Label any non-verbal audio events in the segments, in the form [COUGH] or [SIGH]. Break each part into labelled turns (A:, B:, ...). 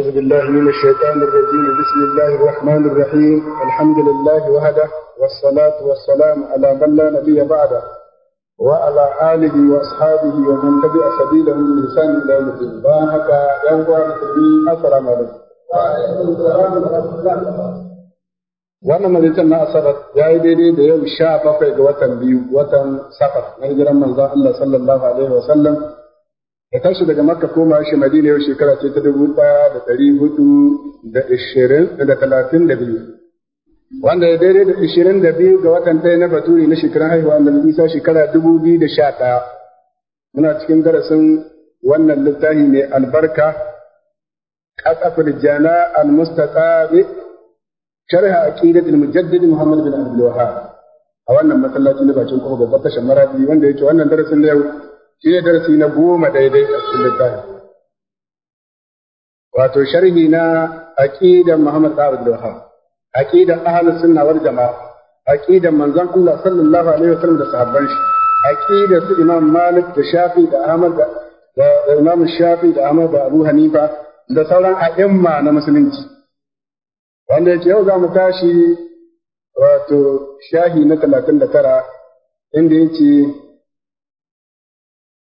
A: أعوذ بالله من الشيطان الرجيم بسم الله الرحمن الرحيم الحمد لله وحده والصلاة والسلام على من لا نبي بعده وعلى آله وأصحابه ومن تبع سبيله من لسان إلى يوم الدين بارك يا مسلمين السلام عليكم wannan maritan na asabar ya yi daidai da yau sha bakwai ga watan biyu watan safar na hijiran manzon Allah sallallahu alaihi wa sallam da tashi daga makka koma shi madina yau shekara ce ta dubu ɗaya da ɗari hudu da ishirin da talatin da biyu wanda ya daidai da ishirin da biyu ga watan ɗaya na baturi na shekarun haihuwa annabi isa shekara dubu biyu da sha ɗaya muna cikin darasin wannan littafi mai albarka ƙasafir jana al-mustaqabi sharha aqidat almujaddid muhammad bin abdul a wannan masallaci na bakin kofar babbar tashar marabi wanda yake wannan darasin da yau shi ne darasi na goma daidai a cikin littafi wato sharhi na aqidar Muhammad bin Abdul wahab aqidar ahlus sunna wal jamaa aqidar manzon Allah sallallahu alaihi wasallam da sahabban shi aqidar su Imam Malik da Shafi da Ahmad da Imam Shafi da Ahmad da Abu Hanifa da sauran a'imma na musulunci wanda yake yau za mu tashi wato shahi na talatin da tara inda yake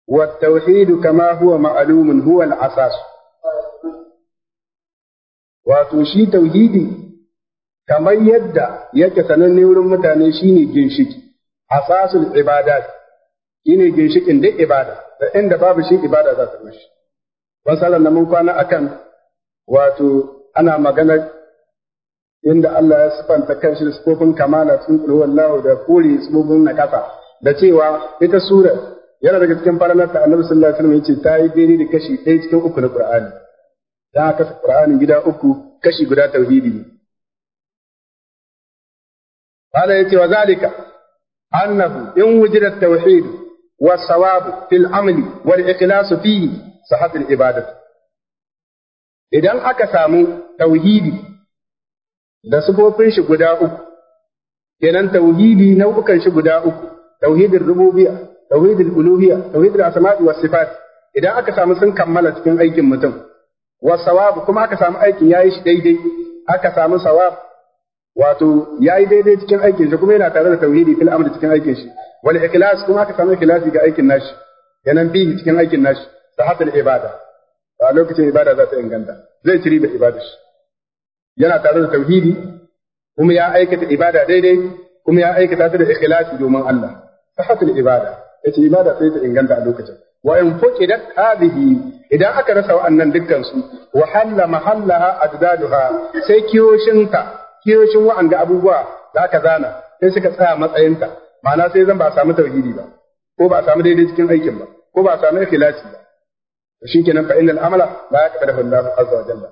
A: والتوحيد كما هو معلوم هو الأساس wato shi tauhidi kamar yadda yake sananne wurin mutane shine ginshiki asasul ibadat shine ginshikin duk ibada da inda babu shi ibada za ta mashi ban sallan nan mun kwana akan wato ana magana inda Allah ya sifanta kanshi da sifofin kamala sun kulhu wallahu da kuri sifofin nakasa da cewa ita sura. yana daga cikin faranar da annabi sallallahu alaihi wasallam yace ta yi daidai da kashi ɗaya cikin uku na qur'ani da kasa qur'anin gida uku kashi guda tauhidi ne wa zalika قال يتي وذلك tauhid wa sawab fil والصواب wal ikhlas fihi sahat al ibadah idan aka samu tauhidi da sufofin shi guda uku kenan tauhidi nau'ukan shi guda uku tauhidin rububiyya tauhid al-uluhiyya tauhid al-asma'i was sifat idan aka samu sun kammala cikin aikin mutum wa sawab kuma aka samu aikin yayi shi daidai aka samu sawab wato yayi daidai cikin aikin shi kuma yana tare da tauhidi fil amr cikin aikin shi wal ikhlas kuma aka samu ikhlasi ga aikin nashi yanan bihi cikin aikin nashi sahatul ibada a lokacin ibada za ta inganta zai ciri da ibada shi yana tare da tauhidi kuma ya aikata ibada daidai kuma ya aikata ta da ikhlasi domin Allah sahatul ibada yace ibada sai ta inganta a lokacin wa in fuqidat hadhihi idan aka rasa wa'annan dukkan su wa halla mahallaha adadaha sai kiyoshinta kiyoshin wa'anda abubuwa za ka zana sai suka tsaya matsayinta ma'ana sai zan ba a samu tauhidi ba ko ba a samu daidai cikin aikin ba ko ba a samu ikhlasi ba to shikenan fa innal amala la yaqbalu Allahu azza wa jalla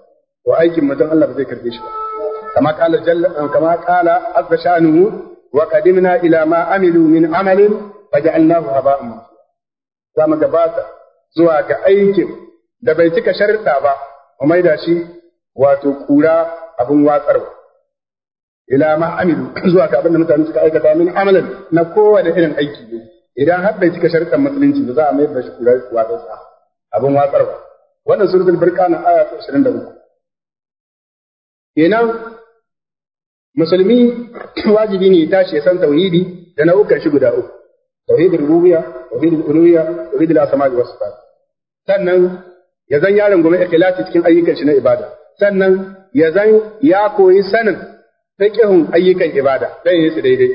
A: wa aikin mutum Allah ba zai karbe shi ba kama qala jalla kama qala azza sha'nuhu wa qadimna ila ma amilu min amalin faja'alnahu haba'an mansura za mu gabata zuwa ga aikin da bai cika sharuɗa ba mu maida shi wato kura abin watsarwa ila ma amilu [CLEARS THROAT] zuwa ga abin da mutane suka aikata min amalan na kowane irin aiki ne idan har bai cika sharuɗan musulunci za a mayar da shi kura watsarwa abin watsarwa wannan suratul burqana aya ta 23 kenan musulmi [CLEARS THROAT] wajibi ne tashi ya san tauhidi da nau'ukan shi guda uku tauhidul rububiyya tauhidul uluhiyya tauhidul asma'i was sifat sannan ya zan yaron gome ikhlasi cikin ayyukan shi na ibada sannan ya zan ya koyi sanin fiqhun ayyukan ibada dan yi su daidai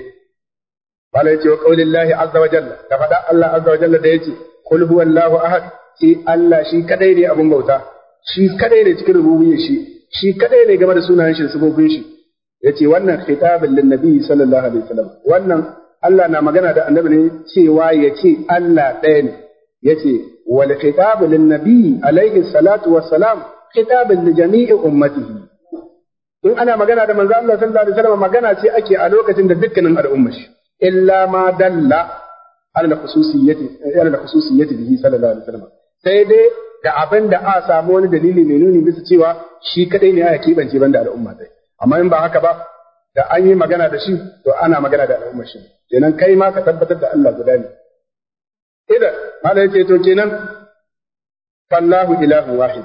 A: bala yace wa qaulillahi azza wa jalla da fada Allah azza wa jalla da yace qul huwallahu ahad shi Allah shi kadai ne abun bauta shi kadai ne cikin rububiyyar shi shi kadai ne game da sunayen shi da sifofin shi yace wannan khitabin linnabi sallallahu alaihi wasallam wannan Allah na magana da annabi ne cewa ya ce Allah ɗaya ne ya ce wal khitabu lin nabi Alayhi salatu wassalam khitabun li jami'i ummatihi in ana magana da manzo Allah sallallahu alaihi wasallam magana ce ake a lokacin da dukkanin al'ummar shi illa ma dalla ala khususiyyati ala khususiyyati bihi sallallahu alaihi wasallam sai dai da abin da a samu wani dalili mai nuni bisa cewa shi kadai ne ya kibance banda al'umma dai amma in ba haka ba da an yi magana da shi to ana magana da al'ummar shi kenan kai ma ka tabbatar da Allah guda ne idan malai ce to kenan fallahu ilahu wahid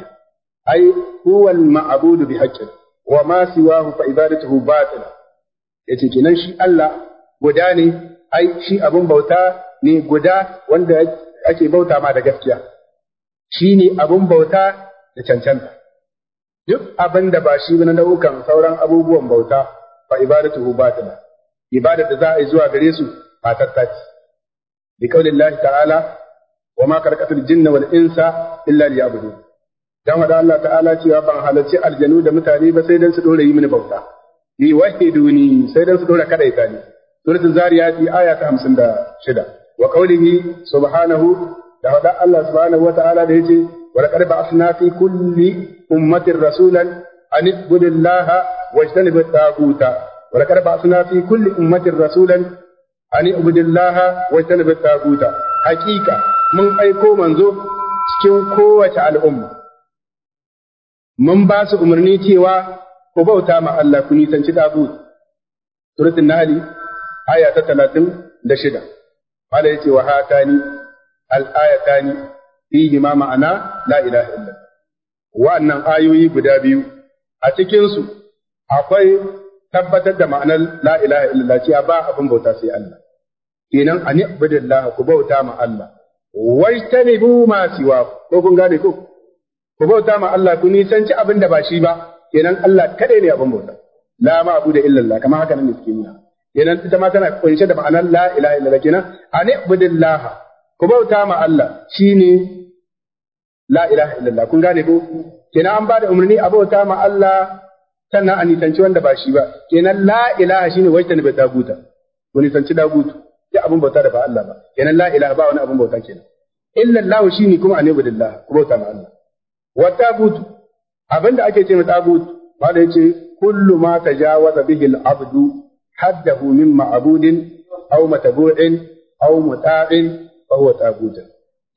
A: ai huwa al-ma'budu bi haqqin wa ma siwahu fa ibadatuhu batil yace kenan shi Allah guda ne ai shi abun bauta ne guda wanda ake bauta ma da gaskiya shi ne abun bauta da cancanta duk abinda ba shi ba na nau'ukan sauran abubuwan bauta fa ibadatuhu batila ibadar da za a yi zuwa gare su ba ta ce bi qaulillahi ta'ala wa ma karqatul jinna wal insa illa liya'budun dan wada Allah ta'ala cewa ban halarci aljanu da mutane ba sai dan su dore yi mini bauta yi wahiduni sai dan su dora kada ita ne suratul zariyati aya ta 56 wa qaulihi subhanahu da wada Allah subhanahu wa ta'ala da yace wa laqad ba'athna fi kulli ummatin rasulan an ibudillaha واجتنب الطاغوت ولقد بعثنا في كل أمة رسولا أن اعبدوا الله واجتنبوا الطاغوت حقيقة من أيكو منزو cikin kowace al'umma, mun ba su umarni cewa ku bauta ma Allah ku nisanci tabut. Suratun Nahali, aya ta talatin da shida. Mala ya ce wa hatani, al'ayatani, ni, ma ma'ana la ilaha illa. Wa'annan ayoyi guda biyu, a cikinsu akwai tabbatar da ma'anar la ilaha illallah cewa ba abin bauta sai Allah kenan ani abudillah ku bauta ma Allah Wai bu ma siwa ko kun gane ko ku bauta ma Allah ku nisanci abin da ba shi ba kenan Allah kadai ne abin bauta la ma abu da illallah kamar haka nan suke nuna kenan ita ma tana kunshe da ma'anar la ilaha illallah kenan ani abudillah ku bauta ma Allah shine la ilaha illallah kun gane ko kenan an ba da umarni a bauta ma Allah sannan a nisanci wanda ba shi ba kenan la ilaha shine wajtan bi daguta mu nisanci dagutu Ya abin bauta da ba Allah ba kenan la ilaha ba wani abun bauta kenan illa Allah shine kuma anabu billah ku bauta ma Allah wa tagutu abinda ake ce mata tagutu wanda yace kullu ma tajawaza bihi al-abdu haddahu min ma'budin aw matabu'in aw muta'in fa huwa tagutu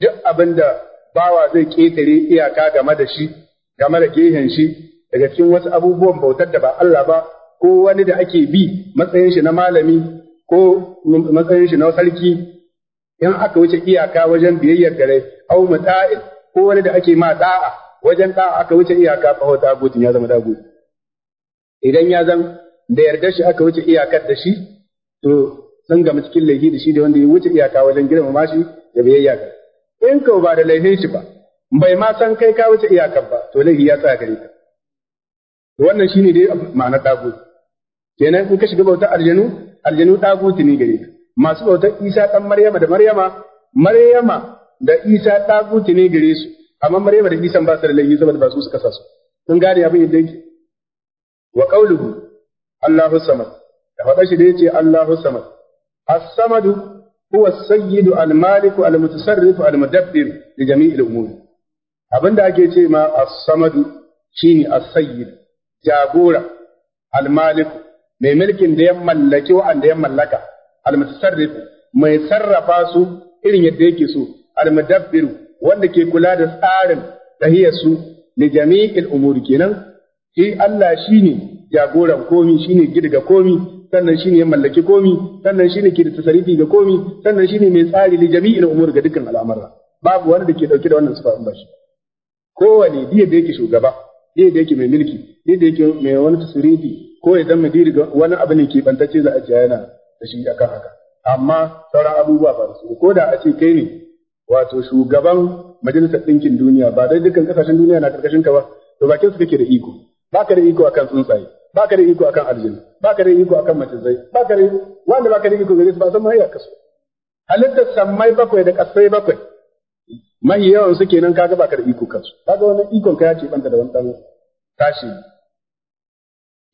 A: duk abinda bawa zai ketare iyaka game da shi game da gehen shi daga cikin wasu abubuwan bautar da ba Allah ba ko wani da ake bi matsayin shi na malami ko matsayin shi na sarki in aka wuce iyaka wajen biyayyar gare au muta'il ko wani da ake ma da'a wajen da'a aka wuce iyaka fa dagutin ya zama dagutin idan ya zan da yarda shi aka wuce iyakar da shi to san ga cikin laifi da shi da wanda ya wuce iyaka wajen girmama shi da biyayya ga in ka ba da laifin shi ba bai ma san kai ka wuce iyakar ba to laifi ya tsaya gare ka wannan shi ne dai ma'ana daguti kenan in ka shiga bautar aljanu aljanu daguti ne gare ka masu bautar Isa ɗan Maryama da Maryama Maryama da Isa daguti ne gare su amma Maryama da Isa ba su da laifi saboda ba su suka sa su kun gane abin yadda yake wa qawluhu Allahu samad da faɗa shi da yace Allahu samad as-samadu huwa as-sayyid al-malik al-mutasarrif al-mudabbir li jami'il umur abinda ake ce ma as-samadu shine as-sayyid jagora almaliku mai mulkin da ya mallaki wa'anda ya mallaka almutasarrif mai sarrafa su irin yadda yake so almudabbir wanda ke kula da tsarin tahiyar su li jami'il umuri kenan shi Allah shine jagoran komi shine girga komi sannan shine ya mallaki komi sannan shine ke da tasarifi ga komi sannan shine mai tsari li jami'il umuri ga dukkan al'amura babu wanda ke dauke da wannan sifa ba shi kowane diya da yake shugaba da yake mai mulki da yake mai wani tasirifi ko ya zama diri wani abu ne ke bantacce za a ce yana da shi akan haka amma sauran abubuwa ba su ko da a ce kai ne wato shugaban majalisar ɗinkin duniya ba dai dukkan ƙasashen duniya na karkashin ka ba to bakin su kake da iko Ba ka da iko akan tsuntsaye Ba ka da iko akan aljinu ka da iko akan macizai ka da wanda ka da iko gare su ba san mai kasu Halitta samai bakwai da kasai bakwai mai yawan su kenan kaga ba ka da iko kansu kaga wannan ikon ka ya ce banta da wani dan tashi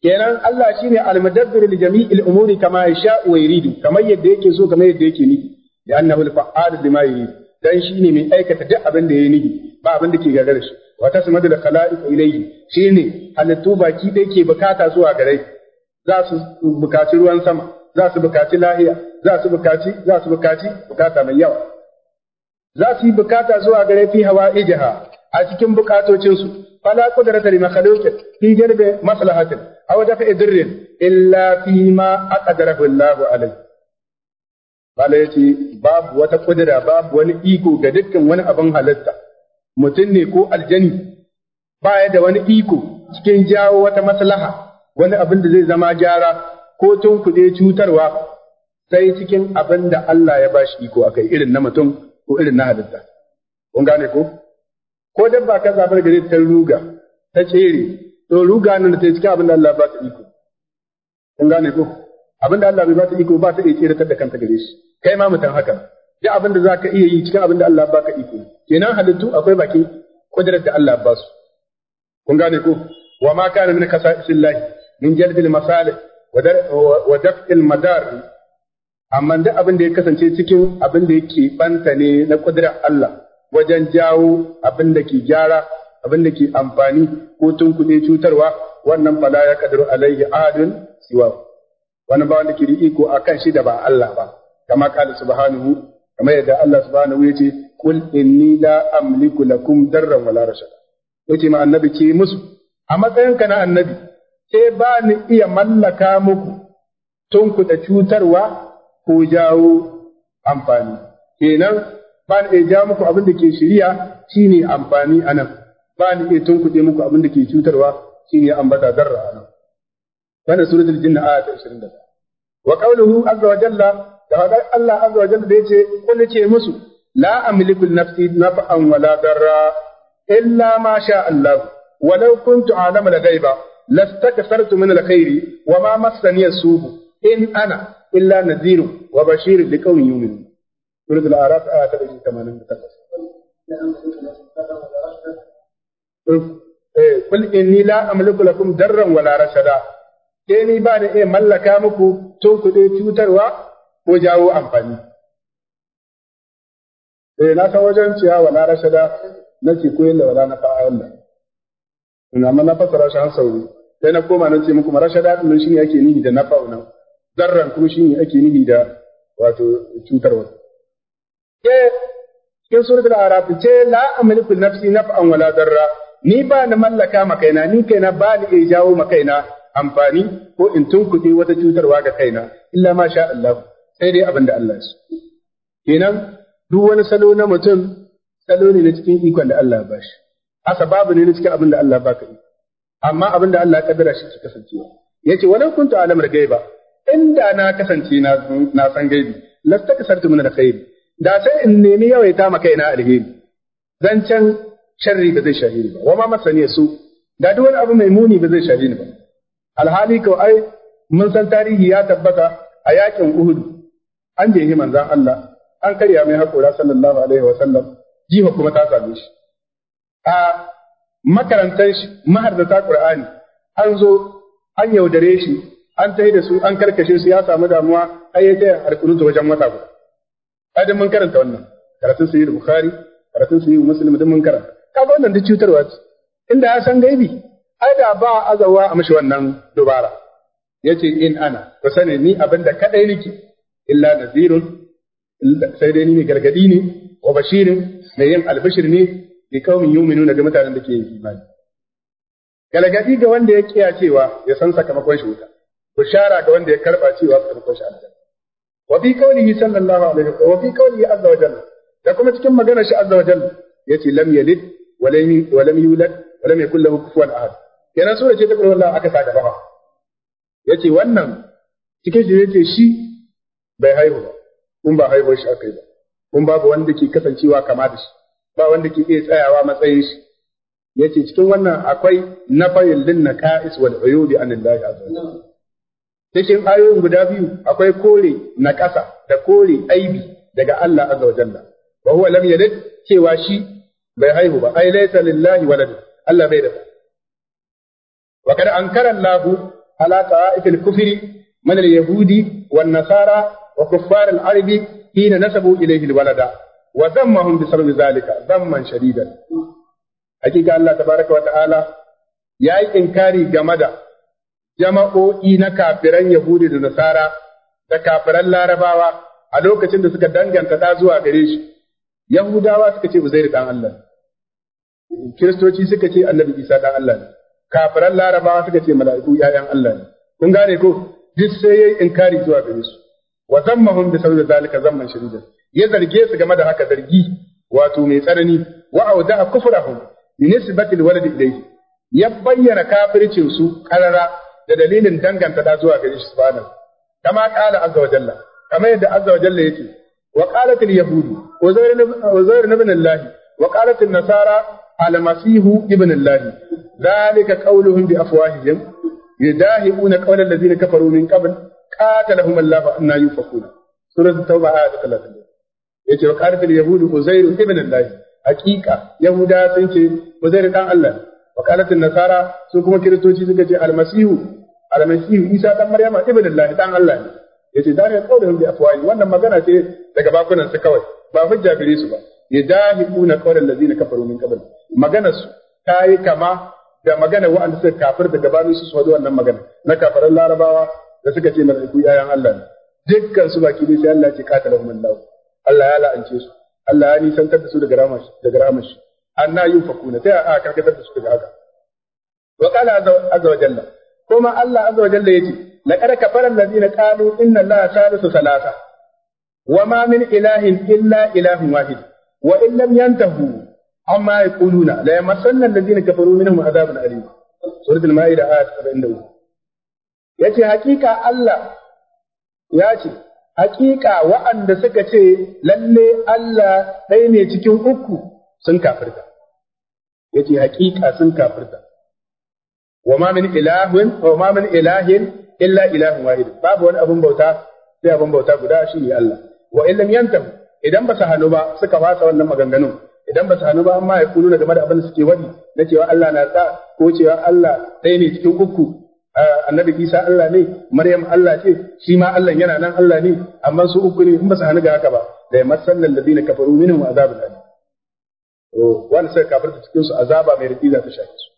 A: kenan Allah shine al-mudabbir li jami'il umuri kama yasha wa yuridu kamar yadda yake so kamar yadda yake nufi da annahu al-fa'al ma yuridu dan shine mai aikata duk abin da yayi nufi ba abin da ke gagara shi wa tasmadu da khala'iq ilayhi shine halittu baki da ke bukata zuwa gare za su bukaci ruwan sama za su bukaci lahiya za su bukaci za su bukaci bukata mai yawa za su yi bukata zuwa gare fi hawa'ijaha a cikin bukatocinsu fala qudrata li makhluqin fi jalbi maslahatin aw dafa'i dirrin illa fi ma aqdarahu Allahu alayhi Bala ya ce, Babu wata kudura, babu wani iko ga dukkan wani abin halitta, mutum ne ko aljani, baya da wani iko cikin jawo wata maslaha, wani abin da zai zama gyara ko tun kuɗe cutarwa, sai cikin abin da Allah ya ba shi iko akai irin na mutum ko irin na halitta. Kun gane ko? ko dabba ka zabar gare ta ruga ta tsere to ruga nan da ta cikin abin da Allah ba ta iko kun gane ko abin da Allah bai ba ta iko ba ta iya ta da kanta gare shi kai ma mutan haka duk abin da zaka iya yi cikin abin da Allah ba ka iko kenan halittu akwai bakin kudrar da Allah ba su kun gane ko wa ma kana min kasaisillahi min jaldil masalih wa daf'il madar amma duk abin da ya kasance cikin abin da yake banta ne na kudrar Allah wajen jawo abin da ke gyara abin da ke amfani ko tunkuɗe cutarwa wannan fala ya kadaru alaihi ahadun siwa wannan ba wanda ke iko akan shi da ba Allah ba kama kala subhanahu kama yadda Allah subhanahu ya ce qul inni la amliku lakum darran wala rashad yace ma annabi ce musu a matsayinka na annabi ce ba ni iya mallaka muku tunkuɗe cutarwa ko jawo amfani kenan ba ni iya ja muku abin da ke shiriya shine amfani a nan, ba ni iya tunkuɗe muku abin da ke cutarwa shine ambata zarra anan wannan suratul jinna aya ta 21 wa qawluhu azza wa jalla da hadar Allah azza wa jalla da yace kun ce musu la amliku nafsi naf'an wala darra illa ma sha Allah walau kuntu a'lamu al-ghaiba lastakfartu min al-khairi wa ma massani as-su' in ana illa nadhirun wa bashirun liqaumin yu'minun suratul araf aya ta 188 kul eh, inni la amliku lakum darran wala rashada ke ni ba da iya mallaka muku tun kuɗe cutarwa ko jawo amfani eh, na san wajen ciya wala rashada nake koyin da wala na fa'a Allah ina ma na fasara shi an sauri sai na koma na ce muku rashada din shine ake nihi da nafa'u nan darran kuma shine ake nihi da wato cutarwa ke cikin suratul araf ce la amliku nafsi naf'an wala darra ni ba na mallaka makaina ni kaina ba ni iya jawo makaina amfani ko in tunkuɗe wata cutarwa ga kaina illa ma sha Allah sai dai abin da Allah su kenan duk wani salo na mutum salo ne na cikin ikon da Allah ba shi asa babu ne na cikin abin da Allah baka yi amma abin da Allah kaddara shi ki kasancewa yace walau kuntu alamar gaiba inda na kasance na san gaibi kasartu min alkhairi da sai in nemi yawaita ma kaina alheri can sharri ba zai shahi ba wa ma masani su da duk wani abu mai muni ba zai shahi ba alhali ko ai mun san tarihi ya tabbata a yakin Uhud an jehi manzon Allah an karya mai hakura sallallahu alaihi wa sallam jiha kuma ta same shi a makarantar shi mahar da ta Qur'ani an zo an yaudare shi an tai da su an karkashe su ya samu damuwa ai ya taya harkunin wajen wata guda ai mun karanta wannan karatun sahih bukhari karatun sahih muslim da mun karanta kaga wannan duk cutarwa ce inda ya san gaibi ai da ba azawa a mashi wannan dubara yace in ana ku sani ni abinda kadai nake illa nazirun sai dai ni ne gargadi ne wa bashirin mai yin albashir ne bi kaumin yuminuna ga mutanen da ke yin imani Gargadi ga wanda ya kiyacewa ya san sakamakon shi wuta bushara ga wanda ya karba cewa sakamakon shi aljanna wa fi qawlihi sallallahu alaihi wa fi qawlihi azza wa jalla da kuma cikin magana shi azza wa jalla yace lam yalid wa lam wa lam yulad wa lam yakul lahu kufuwan ahad kenan sura ce ta qur'an Allah aka saka gaba yace wannan cikin shi yace shi bai haihu ba kun ba haihuwar shi akai ba kun babu wanda ke kasancewa kama da shi ba wanda ke iya tsayawa matsayin shi yace cikin wannan akwai nafayil lin naqais wal uyubi anillahi azza wa jalla cikin ayoyin guda biyu akwai kore na ƙasa da kore aibi daga Allah azza wa jalla wa huwa lam cewa shi bai haihu ba ai laysa lillahi walad Allah bai da ba wa kada ankara Allah ala kufri man yahudi wan nasara wa kuffar Arbi, ina nasabu ilayhi al-walada wa zammahum bi sabab zalika zamman shadidan hakika Allah tabaaraka wa ta'ala ya yi inkari game da jama'o'i na kafiran Yahudi da Nasara da kafiran Larabawa a lokacin da suka danganta da zuwa gare shi Yahudawa suka ce Uzairu dan Allah Kiristoci suka ce Annabi Isa dan Allah ne kafiran Larabawa suka ce mala'iku yayan Allah ne kun gane ko duk sai yayi inkari zuwa gare su wa zammahum bi sabab zalika zamman shadidan ya zarge su game da haka zargi wato mai tsanani wa auda kufrahum bi nisbati alwalad ilayhi ya bayyana kafircin su ƙarara. da dalilin danganta ta zuwa gare shi subhanahu kama qala azza wa jalla kama yadda azza wa jalla yake wa qalat al yahud uzair ibn allah wa qalat an nasara al masih ibn allah dhalika qawluhum bi afwahihim yudahibuna qawla alladhina kafaru min qabl qatalahum allah anna yufakuna suratul tauba ayat 30 yace wa qalat al yahud uzair ibn allah haqiqa yahuda sun ce uzair dan allah وقالت النصارى nasara su kuma kiristoci suka ce almasihu almasihu isa dan maryama ibnullahi dan Allah ne yace da ne kaulin bi afwahi wannan magana ce daga bakunan su kawai ba hujja gare su ba yadahibuna qawlan ladina kafaru min qabl magana su ta yi kama da magana wa'anda suka kafir da gabanin su su wannan magana na kafaran larabawa da suka ce mala'iku yayan Allah ne dukkan su baki dai sai Allah ya ce qatalahum Allah Allah ya la'ance su Allah ya nisantar da su daga ramashi daga ramashi anna yufakuna ta a karkatar da su daga haka wa qala azza wa jalla kuma Allah azza wa jalla yace laqad kafara allazina qalu inna allaha salisu salasa wa ma min ilahin illa ilahun wahid wa in lam yantahu amma yaquluna la yamassanna allazina kafaru minhum adhabun alim suratul maida ayat 73 yace hakika Allah ya ce hakika wa'anda suka ce lalle Allah ɗaya ne cikin uku sun kafirta yace haƙiƙa sun kafirta wa ma min ilahin wa ma min ilahin illa ilahun wahid babu wani abun bauta sai abun bauta guda shi ne Allah wa in lam idan ba su hannu ba suka fasa wannan maganganun idan ba su hanu ba amma ya kulu game da abin da suke wadi na cewa Allah na sa ko cewa Allah ɗaya ne cikin uku annabi Isa Allah ne, Maryam Allah ce, shi ma Allah yana nan Allah ne, amma su uku ne in ba su hanu ga haka ba, da ya masallan da zina kafaru minhum azabul alim. wanda suka kafarta cikin su azaba mai radi za ta shafe su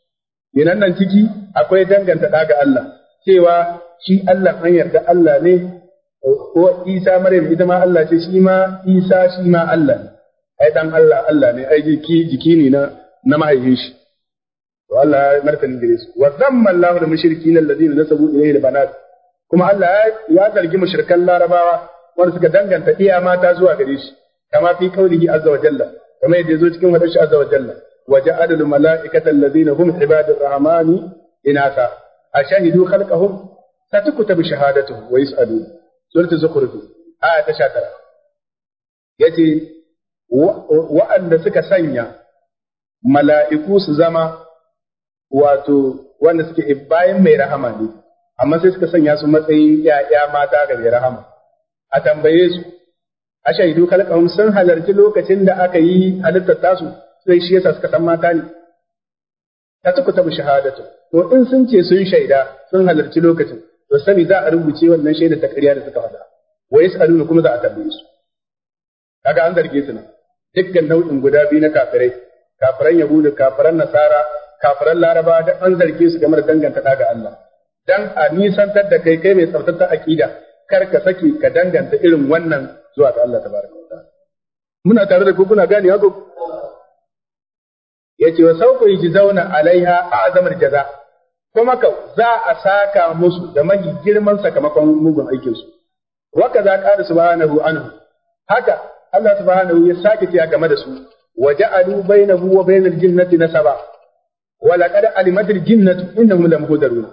A: kenan nan ciki akwai danganta da ga Allah cewa shi Allah an yarda Allah ne ko Isa Maryam ita ma Allah ce shi ma Isa shi ma Allah ne ai dan Allah Allah ne ai jiki jiki ne na na mahaifin shi to Allah ya martani gare su wa zamma Allahu lil mushrikin alladhina nasabu ilayhi al banat kuma Allah ya zargi mushrikan larabawa wanda suka danganta iya mata zuwa gare shi kama fi kaulihi azza wa jalla kamar yadda zo cikin hadisi azza wa jalla wa ja'ala al mala'ikata allazina hum ibadur rahmani inasa ashahidu khalqahum satukutabu shahadatuhum wa yus'alun suratu zukhruf aya ta 19 yace wa'anda suka sanya mala'iku su zama wato wanda suke bayan mai rahama ne amma sai suka sanya su matsayin 'ya'ya mata ga mai rahama a tambaye su ashahidu khalqahum sun halarci lokacin da aka yi halittar tasu sai shi yasa suka san mata ne ta tuku ta shahadatu to in sun ce sun shaida sun halarci lokacin to sani za a rubuce wannan shaida ta ƙarya da suka faɗa wa yasaluna kuma za a tambaye su kaga an zarge su nan dukkan nau'in guda biyu na kafirai kafiran yahudu kafiran nasara kafiran laraba da an zarge su game da danganta ga Allah dan a nisantar da kai kai mai tsaftar akida kar ka saki ka danganta irin wannan zuwa ga Allah tabaraka wa ta'ala muna tare da ku kuna gane haka yace wa sawfa zauna alaiha azamar jaza kuma ka za a saka musu da mahi girman sakamakon mugun aikin su wa kaza qala subhanahu anhu haka Allah subhanahu ya sake tiya game da su wa ja'alu bainahu wa bainal jinnati nasaba wa laqad alimatil jinnatu innahum lamuhdarun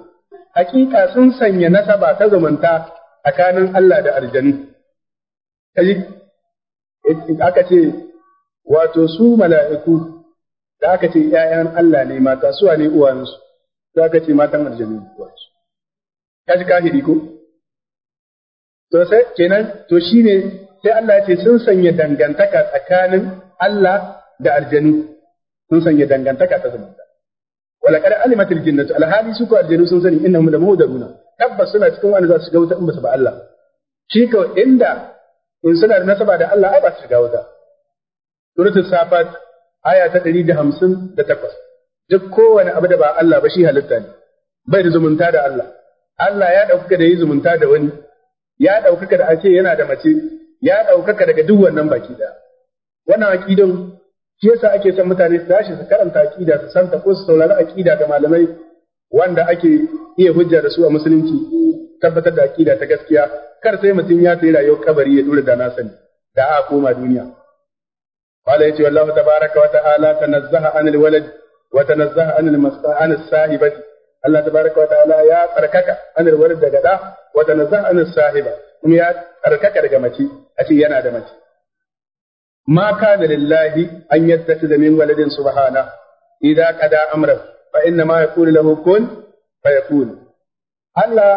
A: hakika sun sanya nasaba ta zamanta tsakanin Allah da aljanu kai aka ce wato su mala'iku da aka ce ‘ya'yan Allah ne mata suwa ne uwansu, da aka ce matan aljanu uwansu. Ka ji kafiri ko? To sai kenan to shi ne sai Allah ce sun sanya dangantaka tsakanin Allah da aljanu sun sanya dangantaka ta zamanta. Wala kada alimatul jinnatu alhali su ko aljanu sun sani innahum da mudaruna tabbas suna cikin wani za su ga wuta in ba su ba Allah. Shi ko inda in suna da nasaba da Allah ai ba su shiga wuta suratul safat aya ta 158 duk kowane abu da ba Allah ba shi halitta ne bai da zumunta da Allah Allah ya ɗaukaka da yi zumunta da wani ya ɗaukaka da ake yana da mace ya ɗaukaka daga duk wannan baki ɗaya wannan aqidan shi yasa ake son mutane su tashi su karanta aqida su santa ko su saurari aqida ga malamai wanda ake iya hujja da su a musulunci tabbatar da aqida ta gaskiya kar sai mutum ya tsira yau kabari ya dora da na sani da a koma duniya qala yace wallahu tabaraka wa ta'ala tanazzaha anil walad wa tanazzaha anil mas'a anil sahibati Allah tabaraka wa ta'ala ya tsarkaka anil walad daga da wa tanazzaha anil sahiba kuma ya tsarkaka daga mace a ce yana da mace ma kana lillahi an yattakhidha min waladin subhana idza qada amran fa inna ma yaqulu lahu kun fayakun Allah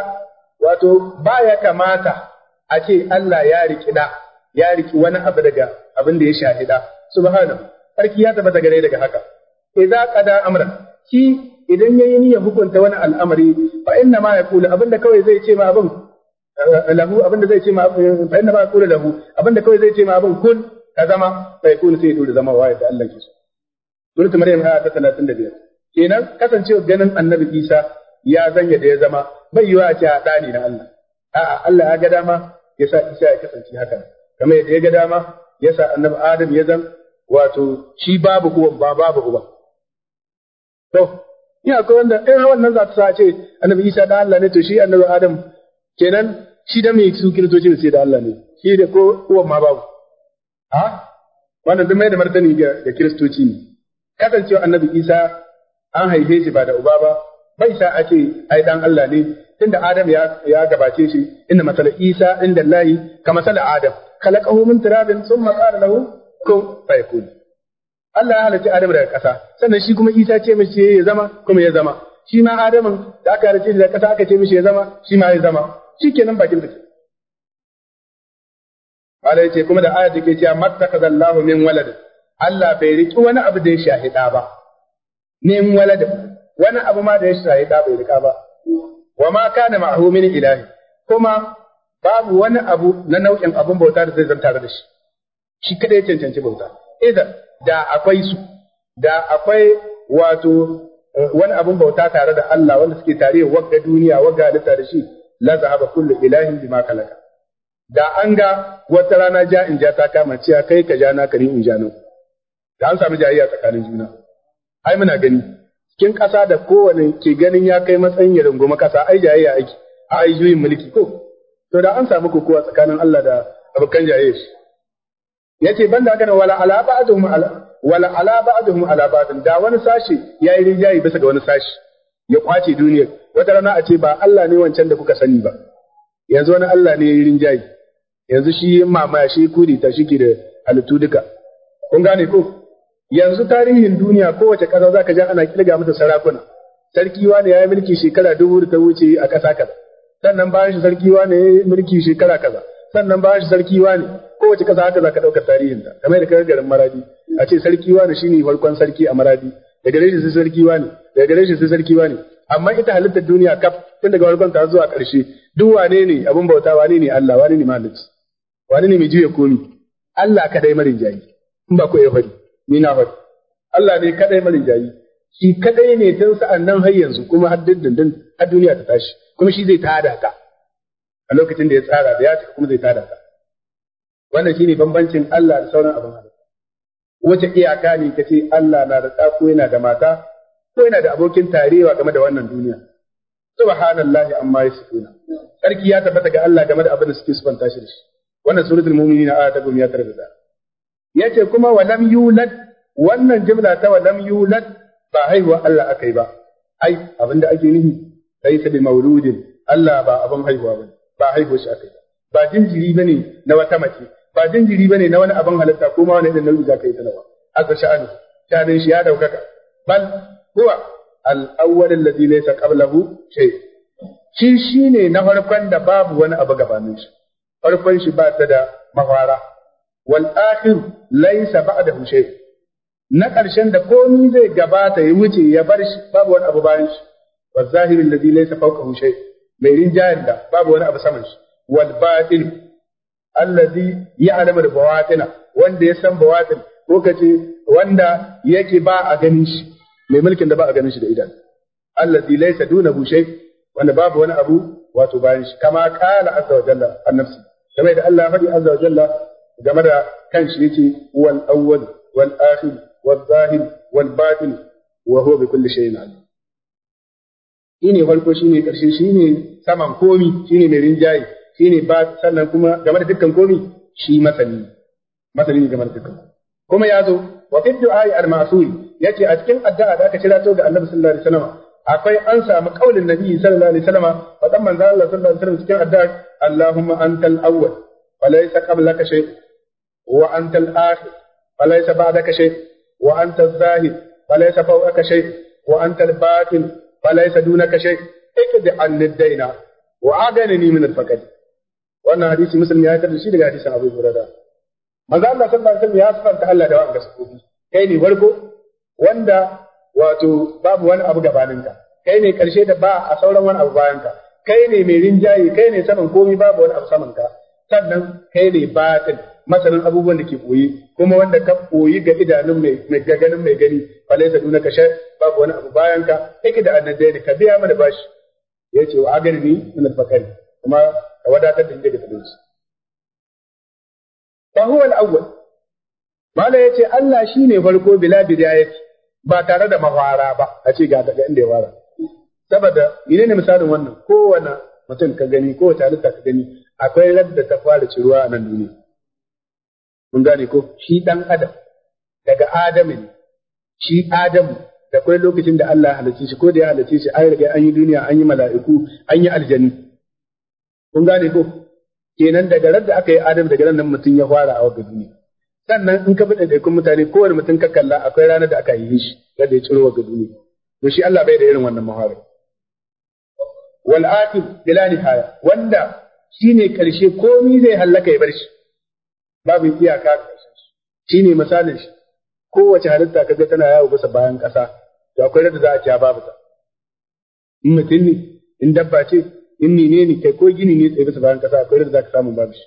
A: wato baya kamata a ce Allah ya riki da ya riki wani abu daga abin da ya shafi da subhanahu sarki ya tabbata gare daga haka idza qada amra? Ki idan yayi niyyar hukunta wani al'amari fa inna ma yaqulu abinda kawai zai ce ma abin eh, lahu abinda zai ce ma fa inna ma yaqulu lahu abinda kawai zai ce ma abin kun ka zama sai kun sai dole zama waye da Allah ke so Surat Maryam aya ta 35 kenan kasancewa ganin Annabi Isa ya zanya da ya zama bai yi a ce a ɗani na Allah a'a Allah ya ga dama ya sa Isa ya kasance haka kamar yadda ya ga dama ya sa annabi Adam ya zan wato shi babu uwan ba babu uba to ni akwai wanda ɗaya wannan za ta sa ce annabi Isa da Allah ne to shi annabi Adam kenan shi da mai su kiristocin sai da Allah ne shi da ko uwan ma babu a wannan duk mai da martani ga kiristoci ne kasancewa annabi Isa an haife shi ba da uba ba bai sa a ce ai dan Allah ne tunda Adam ya ya gabace shi inna masala Isa inda Allah ka masala Adam khalaqahu min turabin thumma qala lahu kun fayakun Allah ya halarci Adam daga ƙasa sannan shi kuma Isa ce mishi ya zama kuma ya zama shi ma Adam da aka halarce shi daga kasa aka ce mishi ya zama shi ma ya zama shikenan bakin da Allah ya ce kuma da ayat da ke cewa mattakazallahu min walad Allah bai riki wani abu da ya shahida ba min walad wani abu ma da ya shayi da bai rika ba wa ma kana ma'ahu min ilahi kuma babu wani abu na nau'in abun bauta da zai zan tare da shi shi ya cancanci bauta idan da akwai su da akwai wato eh, wani abun bauta tare da Allah wanda suke tare wagga duniya wagga halitta da shi la zahaba kullu ilahin bima kalaka da an ga wata rana ja in ja ta kama cewa kai ka ja na kari in ja nan da an samu jayayya tsakanin juna ai muna gani kin ƙasa da kowane ke ganin ya kai matsayin ya rungumi ƙasa ai jayayya ake a ai mulki ko to da an samu kokowa tsakanin Allah da abokan jayayya shi yace ban da haka wala ala ba'dhum ala wala ala ba'dhum ala ba'dhum da wani sashi yayi rinjayi bisa ga wani sashi ya kwace duniyar wata rana a ce ba Allah ne wancan da kuka sani ba yanzu wani Allah ne yayi rinjayi yanzu shi mamaya shi kudi shi ke da halittu duka kun gane ko yanzu tarihin duniya kowace ƙasa za ka ja ana kirga mata sarakuna sarki wane ya yi mulki shekara dubu da ta wuce a ƙasa kaza sannan bayan shi sarki wane ya yi mulki shekara kaza sannan bayan shi sarki wani kowace ƙasa haka za ka ɗaukar tarihin ta kamar da kaga garin maradi a ce sarki shi ne farkon sarki a maradi da gare shi sai sarki wane da gare shi sai sarki wane amma ita halittar duniya kaf tun daga farkon ta zuwa ƙarshe duk wane ne abin bauta wane ne Allah wane ne mahalicci wane ne mai juya komi Allah kadai marin jayi in ba ku yi faɗi ni na faɗi Allah ne kadai jayi. shi kadai ne tun sa'an nan har yanzu kuma har dindindin har duniya ta tashi kuma shi zai tada ka a lokacin da ya tsara da ya cika kuma zai tada ka wannan shine bambancin Allah da sauran abin halitta wace iyaka ne kace Allah na da tsako yana da mata ko yana da abokin tarewa game da wannan duniya subhanallahi amma yasifuna sarki ya tabbata ga Allah game da abin da suke sufanta shi da shi wannan suratul mu'minina aya ta 109 yace kuma walam yulad wannan jimla ta walam yulad ba haihuwa Allah akai ba ai abinda ake nufi laysa bi mauludin Allah ba abin haihuwa ba ba haihuwa shi akai ba jinjiri bane na wata mace ba jinjiri bane na wani abin halitta ko ma wani irin nau'i zaka yi talawa aka sha'ani shanin shi ya daukaka bal huwa al-awwal alladhi laysa qablahu shay shi shine na farkon da babu wani abu gabanin shi farkon shi ba ta da mafara wal akhir laysa ba'dahu shay na ƙarshen da komi zai gabata ya wuce ya bar shi babu wani abu bayan shi wa zahiri alladhi laysa fawqahu shay mai rinjayen babu wani abu saman shi wal batin alladhi ya'lamu al wanda ya san bawatin ko kace wanda yake ba a ganin shi mai mulkin da ba a ganin shi da idan alladhi laysa dunahu shay wanda babu wani abu wato bayan shi kama da Allah faɗi jalla game da kanshi yace wal awwal wal akhir wal zahir wal batin wa huwa bi kulli shay'in alim shine farko shine karshe shine saman komi shine mai rinjaye shine ba sannan kuma game da dukkan komi shi masani masani game da dukkan kuma ya zo wa fi du'ai al-ma'sul yace a cikin addu'a da aka kira to ga Annabi sallallahu alaihi wasallam akwai an samu kaulin Nabi sallallahu alaihi wasallam fadan manzo Allah sallallahu alaihi wasallam cikin addu'a Allahumma antal awwal wa laysa qablaka shay وأنت الآخر فليس بعدك شيء وأنت الزاهد فليس فوقك شيء وأنت الباطن فليس دونك شيء اكد عن الدين وأعدنني من الفقد wannan hadisi muslim ya tarbi shi daga hadisin Abu Hurairah manzo Allah sallallahu alaihi wasallam ya sifanta Allah da wa'anda sufofi kai ne farko wanda wato babu wani abu gabaninka kai ne karshe da ba a sauran wani abu bayanka kai ne mai rinjaye kai ne saman komai babu wani abu saman ka sannan kai ne batil masanin abubuwan da ke koyi kuma wanda ka koyi ga idanun mai ga ganin mai gani falaisa duna ka shay babu wani abu bayan ka take da annabi da ka biya mana bashi yace wa agarni min al-fakari kuma ka wadatar da ni daga talauci fa huwa al-awwal mala yace Allah shine farko bila bidayati ba tare da mafara ba a ce ga daga inda ya fara saboda menene misalin wannan kowane mutum ka gani kowace halitta ka gani akwai ladda ta fara ciruwa a nan duniya mun gane ko shi dan adam daga adamu ne shi adamu da kwai lokacin da Allah halicce shi ko da ya halicce shi an riga an yi duniya an yi mala'iku an yi aljanni kun gane ko kenan daga da aka yi adam daga nan mutum ya fara a wajen duniya sannan in ka bi ɗaiɗaikun mutane kowane mutum ka kalla akwai ranar da aka yi shi da ya ciro wajen duniya to shi Allah bai da irin wannan mahawara wal akhir bila nihaya wanda shine karshe komai zai hallaka ya bar shi babu iyaka ƙarshen su ne misalin shi kowace halitta kaga tana yawo bisa bayan ƙasa to akwai da za a ci babu ta in mutum ne in dabba ce in mene ne kai ko gini ne tsaye bisa bayan ƙasa akwai da za ka samu babu shi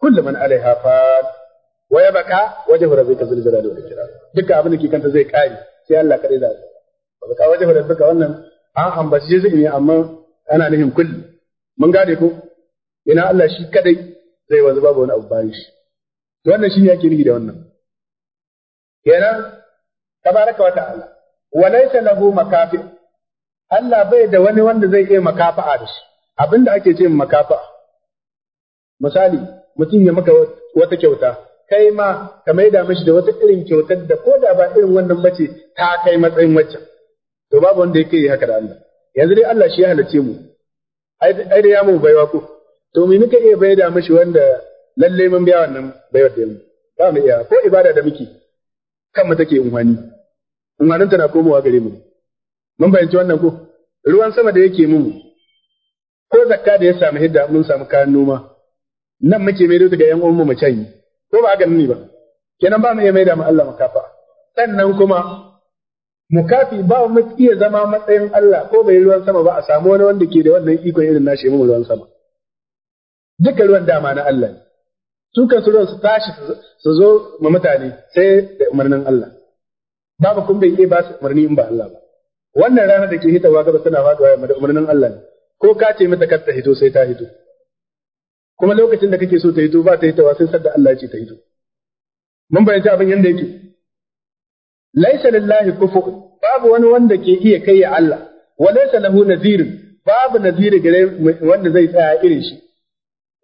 A: kullu man alaiha fa wa yabqa wajh rabbika zul jalali wal ikram duka abin da ke kanta zai kare sai Allah kadai za ka ka wajh rabbika wannan an ambaci zai ne amma ana nufin kullu mun gane ko ina Allah shi kadai zai wanzu babu wani abu bayan shi wannan shine yake nufi da wannan kenan tabaraka wa ta'ala wa laysa lahu makafi Allah bai da wani wanda zai iya makafa'a da shi abinda ake ce makafa'a misali mutum ya maka wata kyauta kai ma ka maida mashi da wata irin kyautar da ko da ba irin wannan bace ta kai matsayin waccan to babu wanda yake yi haka da Allah yanzu dai Allah shi ya halace mu ai dai ya mu baiwa ko to me muka iya bai da mashi wanda lalle mun biya wannan bayar da mu ba mu iya ko ibada da muke kan mu take unhwani ta na komowa gare mu mun bayanci wannan ko ruwan sama da yake mu ko zakka da ya samu hidda mun samu kayan noma nan muke mai ga yan uwan mu can ko ba ga ni ba kenan ba mu iya mai da mu Allah makafa sannan kuma mukafi ba mu iya zama matsayin Allah ko bai ruwan sama ba a samu wani wanda ke da wannan ikon irin nashi mu ruwan sama duka ruwan dama na Allah ne su kan su ruwan su tashi su zo ma mutane sai da umarnin Allah babu kun bai iya ba su umarni in ba Allah ba wannan ranar da ke hitawa gaba tana faduwa yamma da umarnin Allah ne ko ka ce mata kar ta hito sai ta hito kuma lokacin da kake so ta hito ba ta hitawa sai sadda Allah ya ce ta hito mun bayyana abin yanda yake laisa lillahi kufu babu wani wanda ke iya kai ya Allah wa laisa lahu Nazirin, babu Naziri gare wanda zai tsaya irin shi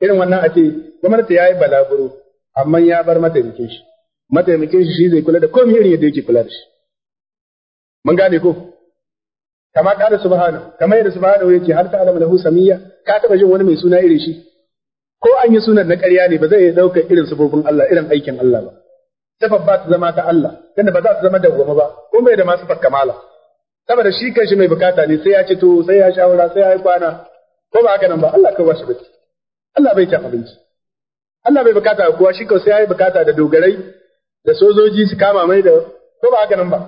A: irin wannan a ce gwamnati ya yi balaguro amma ya bar mataimakin shi mataimakin shi shi zai kula da komai irin yadda yake kula da shi mun gane ko Kamar kada subhana kamar yadda subhanahu yake har ta alama lahu samiyya ka taba jin wani mai suna irin shi ko an yi sunan na ƙarya ne ba zai iya daukar irin sabobin Allah irin aikin Allah ba sifar ba ta zama ta Allah tunda ba za ta zama da goma ba ko bai da masu kamala. saboda shi kanshi mai bukata ne sai ya ci to sai ya shawara sai ya yi kwana ko ba haka nan ba Allah ka washe bace Allah bai cin abinci Allah bai bukata ga kowa shi kawai sai yi bukata da dogarai da sojoji su kama mai da ko ba haka nan ba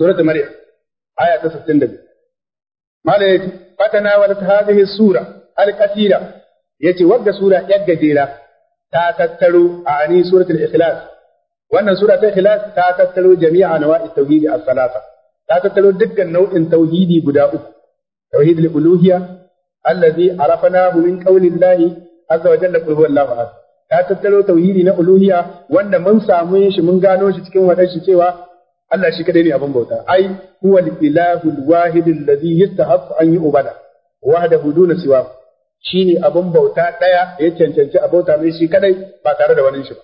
A: suratul maryam aya ta 62 malai yace fatana wa hadhihi sura al-kathira yace wagga sura ya gajera ta tattaro a ani suratul ikhlas wannan sura ta ikhlas ta tattaro jami'a nawa'i tauhidi as-salasa ta tattaro dukkan nau'in tauhidi guda uku tauhidul uluhiyya allazi arafnahu min qaulillahi azza wa jalla qul huwallahu ahad ta tattaro tauhidi na uluhiyya wanda mun samu shi mun gano shi cikin wadan cewa Allah shi kadai ne abin bauta ai huwal ilahul wahid ladhi yastahaqqu an yu'bada wahdahu duna siwa shine abin bauta daya ya cancanci abota mai shi kadai ba tare da wani shi ba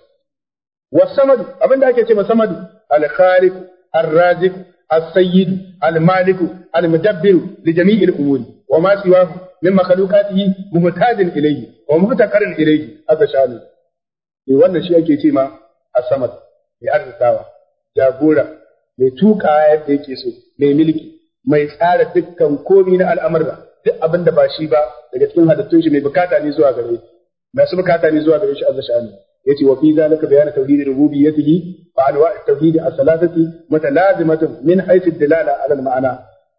A: wasamad abin da ake ce masamad al-khaliq ar-raziq as-sayyid al-malik al-mudabbir li jami'il umuri wa ma siwahu min makhluqatihi muhtajin ilayhi wa muhtaqarin ilayhi haka shanu eh wannan shi ake ce ma as-samad mai arzikawa jagora mai tuka yadda yake so mai milki mai tsara dukkan komi na al'amarra duk abin da ba shi ba daga cikin halittun shi mai bukata ne zuwa gare shi masu bukata ne zuwa gare shi azza sha'ani yace wa fi zalika bayanu tauhid rububiyyatihi wa anwa' at-tauhid as-salasati mutalazimatun min haythu ad-dilala 'ala al-ma'ana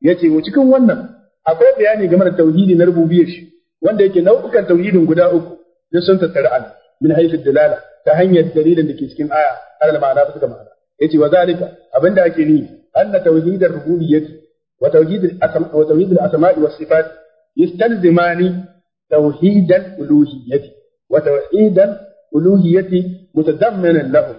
A: yace wa cikin wannan akwai bayani game da tauhidi na rububiyyar shi wanda yake nau'ukan tauhidin guda uku duk sun tattara an min haythu dalala ta hanyar dalilin da ke cikin aya alal ma'ana ba suka ma'ana yace wa zalika abinda ake ni anna tauhidar rububiyyati wa tauhidul asma wa tauhidul asma'i was sifat yastalzimani tauhidal uluhiyyati wa tauhidal uluhiyyati mutadamminan lahum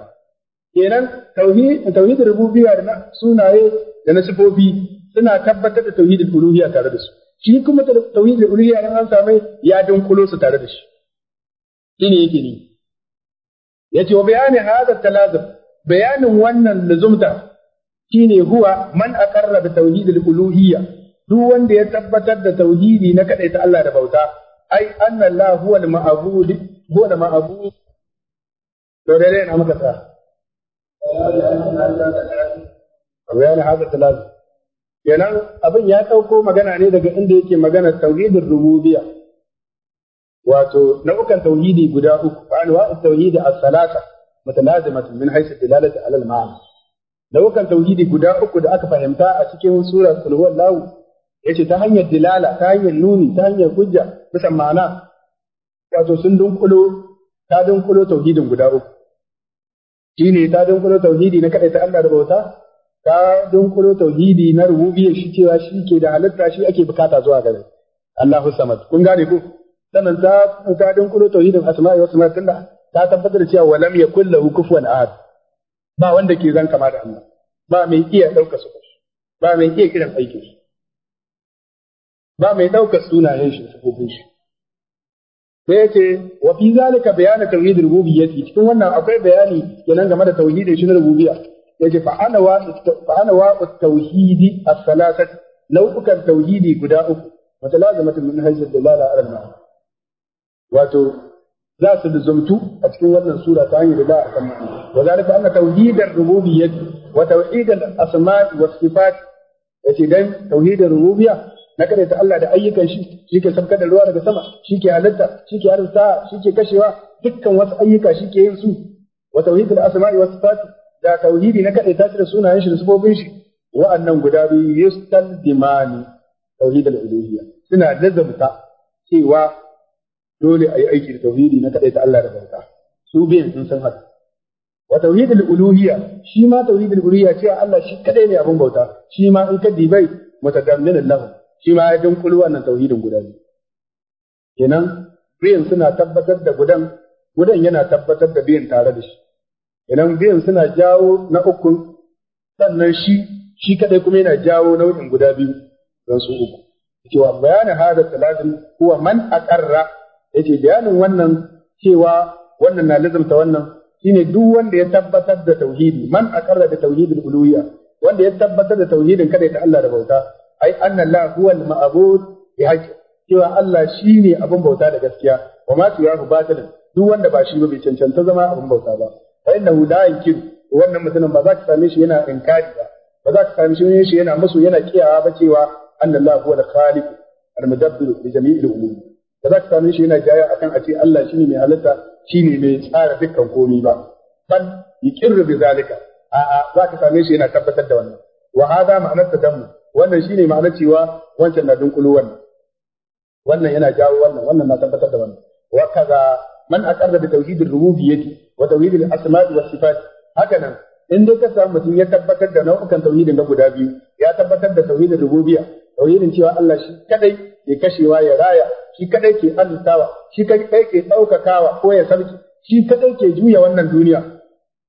A: kenan tauhid tauhid rububiyya da sunaye da na sifofi suna tabbatar da tauhidul uluhiyya tare da su shi kuma tauhidul uluhiyya ran an same ya dunkulo su tare da shi shine yake ni yace wa bayani hadha talazum bayanin wannan luzumta shine huwa man aqarra bi tauhidil uluhiyya duk wanda ya tabbatar da tauhidi na ta Allah da bauta ai anna Allah huwa al-ma'bud huwa al-ma'bud to dai na maka sa bayanin hadha talazum kenan abin ya ɗauko magana ne daga inda yake magana tauhidin rububiyya wato nau'ukan tauhidi guda uku fa anwa tauhidi as-salata mutalazimatun min haythu dilalati al-ma'na nau'ukan tauhidi guda uku da aka fahimta a cikin surar qul yace ta hanyar dilala ta hanyar nuni ta hanyar hujja bisa ma'ana wato sun dunkulo ta dunkulo tauhidin guda uku shine ta dunkulo tauhidi na kadai ta Allah da bauta ka dunkulo tauhidi na rububiyar shi cewa shi ke da halitta shi ake bukata zuwa gare Allahu samad kun gane ko sannan ta ta dunkulo tauhidin asma'i wa sifatin da ta tabbatar cewa lam yakul lahu kufuwan ahad ba wanda ke zan kama da Allah ba mai iya dauka su ba mai iya kiran aikin shi ba mai dauka sunayen shi gobe shi sai ce wa fi zalika bayanu tauhid rububiyyati cikin wannan akwai bayani kenan game da tauhidin shi na rububiyya yace fa ana wa fa tauhidi as-salasat nau'ukan tauhidi guda uku wata lazimatu min haythu dalala ala al wato za su luzumtu a cikin wannan sura ta hanyar da za a kan wa zalika anna tauhidar rububiyyah wa tauhidal asma'i was sifat yace dan tauhidar rububiyya na ta Allah da ayyukan shi shi ke sabkar da ruwa daga sama shi ke halitta shi ke arzita shi ke kashewa dukkan wasu ayyuka shi ke yin su wa tauhidul asma'i was sifat da tauhidi na kaɗai tashi da sunayen shi da sifofin shi wa'annan guda biyu dimani tauhidul uluhiyya suna lazamta cewa dole a yi aiki da tauhidi na kaɗai ta Allah da bauta su biyan sun san haka wa tauhidul uluhiyya shi ma tauhidul uluhiyya cewa Allah shi kadai ne abin bauta shi ma in ka dibai mutadammin Allah shi ma ya dinkulu wannan tauhidin guda ne kenan biyan suna tabbatar da gudan gudan yana tabbatar da biyan tare da shi idan biyan suna jawo na uku sannan shi shi kadai kuma yana jawo nau'in guda biyu don su uku wa bayanin hada talatin kuwa man aqarra yake bayanin wannan cewa wannan na lazimta wannan shine duk wanda ya tabbatar da tauhidi man aqarra da tauhidul uluhiyya wanda ya tabbatar da tauhidin kada ta Allah da bauta ai anna la huwa al ma'bud bi haqqi cewa Allah shine abin bauta da gaskiya wa ma tuyahu batilin duk wanda ba shi ba bai cancanta zama abin bauta ba fa innahu la yankiru wannan mutumin ba za ka same shi yana inkari ba ba za ka same shi shi yana musu yana kiyawa ba cewa annallahu huwa al-khaliq al-mudabbir li jami'il umur ba za ka same shi yana jaya akan a ce Allah shine mai halitta shine mai tsara dukkan komai ba bal yuqirru bi zalika a'a za ka same shi yana tabbatar da wannan wa wannan cewa wancan na wannan yana jawo wannan wannan na tabbatar da wannan man aqarra bi tauhidin rububi rububiyyah wa tauhid al wa sifat haka nan in dai ka samu mutum ya tabbatar da nau'ukan tauhidin na guda biyu ya tabbatar da tauhidin rububiyya tauhidin cewa Allah shi kadai ke kashewa ya raya shi kadai ke arzikawa shi kadai ke daukakawa ko ya sarki shi kadai ke juya wannan duniya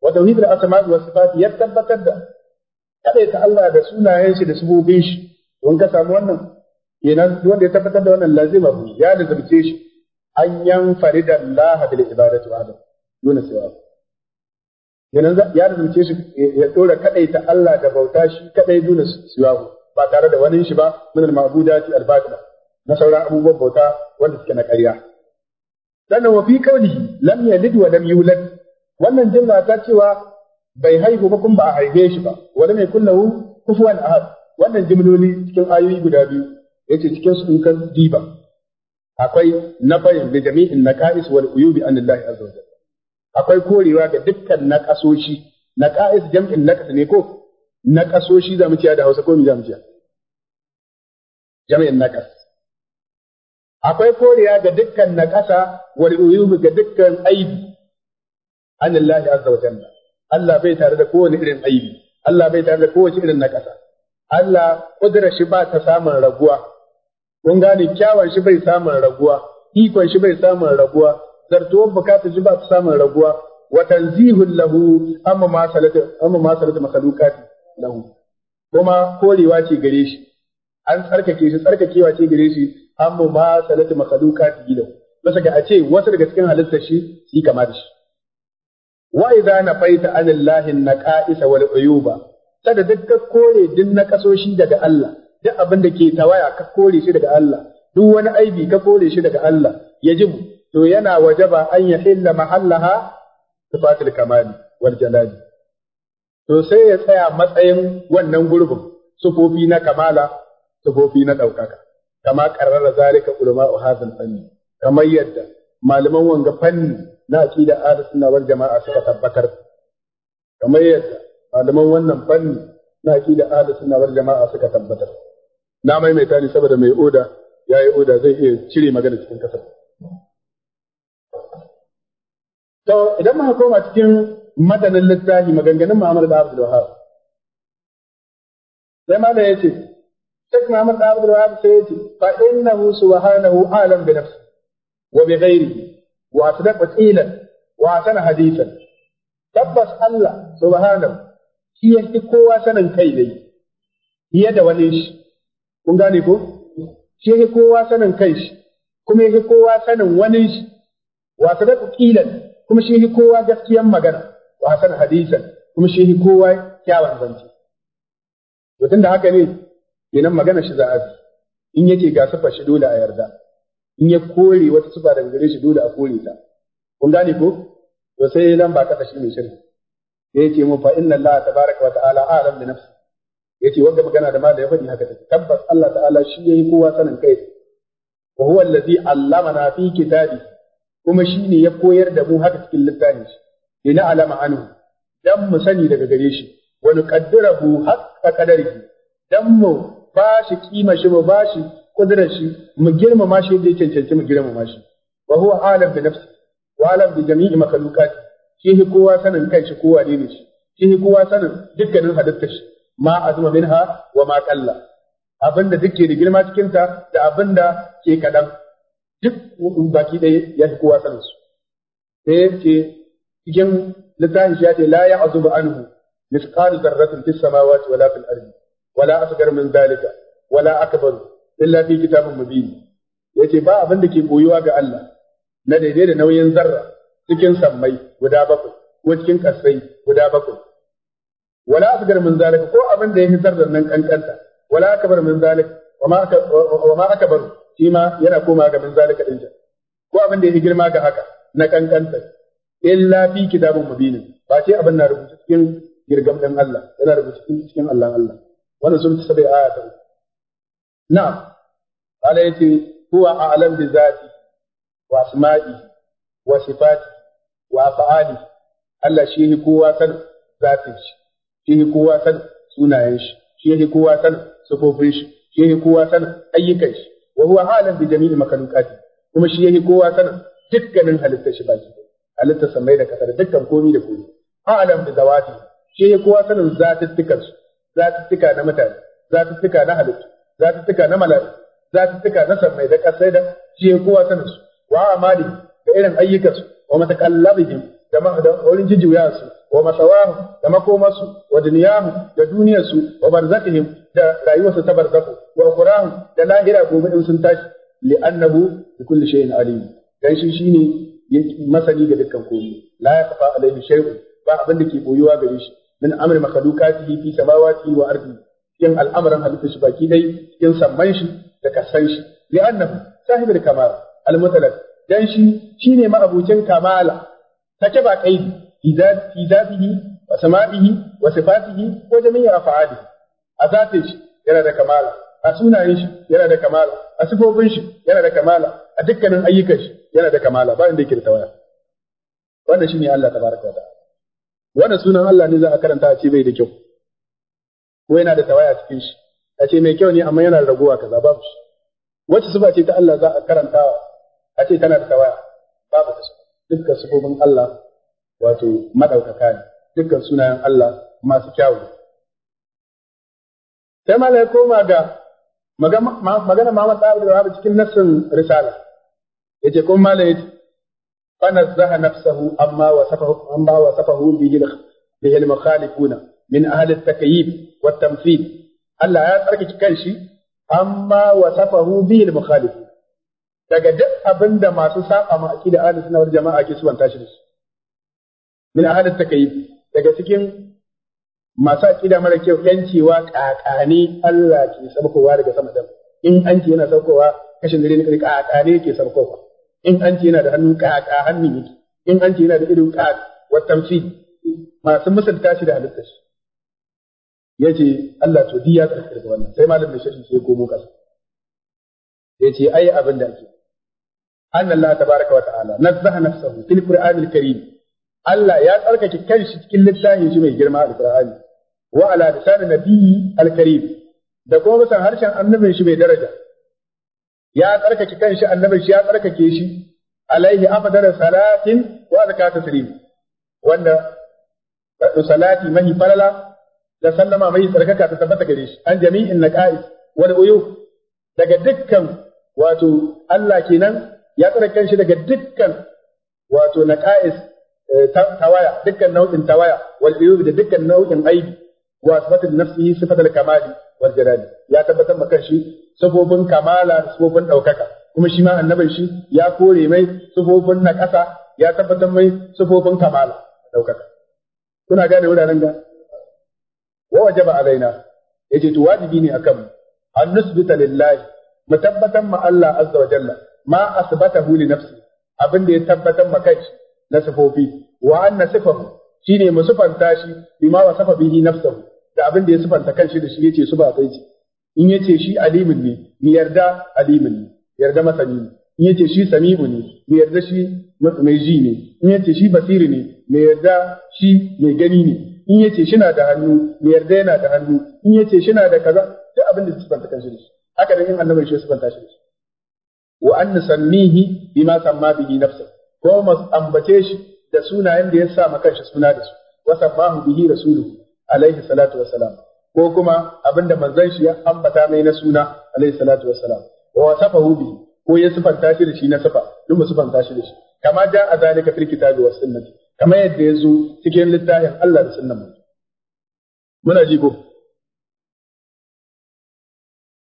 A: wa tauhidul asma'i sifati ya tabbatar da kadai ta Allah da sunayen shi da sububin shi don ka samu wannan kenan wanda ya tabbatar da wannan lazima ya lazimce shi an farida Allah bil ibadati wahda dole sai Yanan ya rubuce shi ya dora ta Allah da bauta shi kadai dole wa ba tare da wani shi ba min al ma'budati al batila na sauran abubuwan bauta wanda suke na ƙarya sannan wa fi kauli lam yalid wa lam yulad wannan jinna ta cewa bai haihu ba kuma ba a haife shi ba wani mai kullahu kufuwan ahad wannan jimloli cikin ayoyi guda biyu yace cikin su in kan diba akwai nafayin bi jami'in naqais wal uyubi an Allah azza wa akwai korewa ga dukkan naqasoshi naqais jam'in naqas ne ko naqasoshi zamu ciya da Hausa ko mu zamu ciya jami'in naqas akwai korewa ga dukkan naqasa wal uyubi ga dukkan aibi an Allah azza wa Allah bai tare da kowane irin aibi Allah bai tare da kowace irin naqasa Allah kudura shi ba ta samun raguwa kun gane kyawun shi bai samun raguwa ikon shi bai samun raguwa zartuwar bukatar shi ba ta samun raguwa wa tanzihul lahu amma ma salatu amma ma salatu makhluqati lahu kuma korewa ce gare shi an tsarkake shi tsarkakewa ce gare shi amma ma salatu makhluqati lahu bisa ga a ce wasu daga cikin halittar shi su kama da shi wa idza nafaita anillahi naqa'isa wal uyuba sada dukkan kore din na kasoshi daga Allah duk abin da ke tawaya ka kore shi daga Allah duk wani aibi ka kore shi daga Allah ya jibu to yana wajaba an ya yahilla mahallaha sifatul kamali wal jalali to sai ya tsaya matsayin wannan gurbin sufofi na kamala sufofi na ɗaukaka kama karrara zalika ulama'u hadhal fanni kamar yadda malaman wanga fanni na aqida ahlus sunna wal jama'a suka tabbatar kamar yadda malaman wannan fanni na aqida ahlus sunna wal jama'a suka tabbatar na maimaita ne saboda mai oda ya yi oda zai iya cire magana cikin kasar. To idan muka koma cikin matanin littafi maganganun Muhammad da Abdul Wahab. Sai malam ya ce, Sheikh Muhammad da Abdul Wahab sai ya ce, fa innahu subhanahu alam bi nafsi wa bi ghairihi wa asdaqa qilan wa sana hadithan. Tabbas Allah subhanahu shi ya fi kowa sanin kai dai, fiye da wani shi. kun gane ko shi yake kowa sanin kanshi kuma yake kowa sanin wani shi wa sadaqu qilan kuma shi yake kowa gaskiyan magana wa hasan hadisan kuma shi yake kowa kyawan zance to da haka ne idan magana shi za a in yake ga sifar shi dole a yarda in ya kore wata sifa daga gare shi dole a kore ta kun gane ko to sai nan ba kada shi ne shirki sai ya ce mu fa inna allaha wata wa ta'ala a'lam bi nafsihi yace wanda magana da ma ya faɗi haka take tabbas Allah ta'ala shi yayi kowa sanin kai wa huwa allazi allamana fi kitabi kuma shi ne ya koyar da mu haka cikin littafin shi ina alama anhu dan mu sani daga gare shi wa nuqaddirahu haqqa qadarihi dan mu ba shi kima shi mu ba shi kudurar shi mu girmama shi yadda ya cancanci mu girmama shi wa huwa alam bi nafsi wa alam bi jami'i makhluqat shi kowa sanin shi kowa ne shi shi kowa sanin dukkanin halittar shi ma azuma minha wa ma abinda duk ke da girma da abin da abinda ke kaɗan, duk baki ɗaya ya fi kowa sanin su sai ce cikin littafin ya ce la ya'zubu anhu مثقال ذرة في السماوات Wala في الأرض ولا أصغر من ذلك ولا أكبر إلا في كتاب مبين yace ba abin da ke koyuwa ga Allah na daidai da nauyin zarra cikin sammai guda bakwai ko cikin kasai guda bakwai wala asgar min zalika ko abin da ya fitar da nan kankanta wala akbar min zalika wa ma akbar shi ma yana koma ga min zalika din ko abin da ya girma ga haka na kankanta illa fi kitabun mubinin ba ce abin na rubuta cikin girgam din Allah yana rubuta cikin Allah Allah wannan sun tsabe aya ta na'am qala yati huwa a'lam Allah shi shi kowa san sunayen shi shi yake kowa san sufofin shi shi yake kowa san ayyukan shi wa huwa alam bi jami'i makalukati kuma shi yake kowa san dukkanin halittar shi baki halittar samai da kasar dukkan komai da komai. alam bi zawati shi yake kowa sanin zatuttukan su zatuttuka na mutane zatuttuka na halittu zatuttuka na mala'iku zatuttuka na samai da kasai da shi yake kowa sanin su wa amali da irin ayyukan su wa matakallabihim da wurin su, wa masawahu da makomarsu wa duniyahu da duniyarsu wa barzakhihim da rayuwarsu ta barzakhu wa ukhrahu da lahira gobe in sun tashi li'annahu bi kulli shay'in alim dan shi shine masani ga dukkan komai la yakfa alaihi shay'un ba abin da ke boyuwa gare shi min amri makhluqatihi fi samawati wa ardi cikin al'amuran halittar shi baki dai cikin samman shi da kasan shi li'annahu sahibul kamal al-mutlaq dan shi shine ma'abucin kamala ba كتب كيد في ذاته وسمائه وصفاته A أفعاله shi yana da kamala a sunayen shi yana da kamala a sifofin shi yana da kamala a dukkanin ayyukan shi yana da kamala ba inda yake da tawaya wannan shine Allah tabaraka wa ta'ala wannan sunan Allah ne za a karanta a ce bai da kyau ko yana da tawaya cikin shi a ce mai kyau ne amma yana raguwa kaza babu shi wacce sifa ce ta Allah za a karanta a ce tana da tawaya babu ta dukkan sifofin Allah wato madaukaka ne dukkan sunayen Allah masu kyawu sai mala ya koma ga magana Muhammad Abdul Wahab cikin nassin risala yace kuma mala nafsahu amma نفسه أما وصفه أما وصفه به به المخالفون من أهل Allah ya ألا يترك Amma أما وصفه به المخالف daga duk abin da masu saba ma aqida ahlus sunna wal jama'a ke subanta shi dasu min ahlus takyif daga cikin masu aqida mara kyau yancewa kakani Allah ke sabkowa daga sama dan in an ce yana saukowa kashin gare ne kai kakani ke sabkowa in an ce yana da hannu kaka hannu yake in an ce yana da ido kaka wa tamsil masu musulta shi da halitta shi yace Allah to diya karkar wannan sai malamin shi ya komo kasa ya ce ai abin da ake أن الله تبارك وتعالى نزه نفسه في القرآن الكريم الله يا تركك كنش كل الله شيء جرما القرآن وعلى لسان النبي الكريم da kuma bisa harshen annabin shi mai daraja ya tsarkake kanshi annabin shi ya tsarkake shi alaihi afdal salatin wa zakat taslim wanda salati mahi falala da sallama mai tsarkaka ta tabbata gare shi an jami'in naqais wal uyub daga dukkan wato Allah kenan ya tsare kanshi daga dukkan wato na naqa'is eh, tawaya dukkan nau'in tawaya wal uyub da dukkan nau'in aibi wa sifatul nafsihi sifatul kamali wal jalali ya tabbatar ma shi, sifofin kamala da sifofin daukaka kuma shi ma annabin shi ya kore mai sifofin ƙasa, ya tabbatar mai sifofin kamala ɗaukaka. kuna gane wuraren ga wa wajaba alaina yace to wajibi ne akan an nusbita lillahi mu tabbatar ma Allah azza wa jalla ma asbatahu li nafsi abin da ya tabbatar ma kanshi na sifofi wa anna sifahu shine mu sifanta shi bima wa safa bihi nafsuhu da abin da ya sifanta kanshi da shi yace su ba kai baiti in yace shi alimin ne ni yarda alimin ne yarda masani ne in yace shi sami'u ne ni yarda shi mai ji ne in yace shi basiri ne ni yarda shi mai gani ne in yace shi na da hannu ni yarda yana da hannu in yace shi na da kaza duk abin da ya sifanta kanshi da shi haka da in annabi shi ya sifanta shi da shi wa an nusammihi bima samma bihi nafsa ko mu ambace shi da sunayen da ya sa maka shi suna da su wa sammahu bihi rasulu alaihi salatu wa salam, ko kuma abinda manzon shi ya ambata mai na suna alaihi salatu wa salam. wa wasafahu bihi ko ya sifanta shi da shi na sifa duk mu sifanta shi da shi kama ja a zalika fil kitabi was sunnati kama yadda ya zo cikin littafin Allah da sunnan mu muna ji ko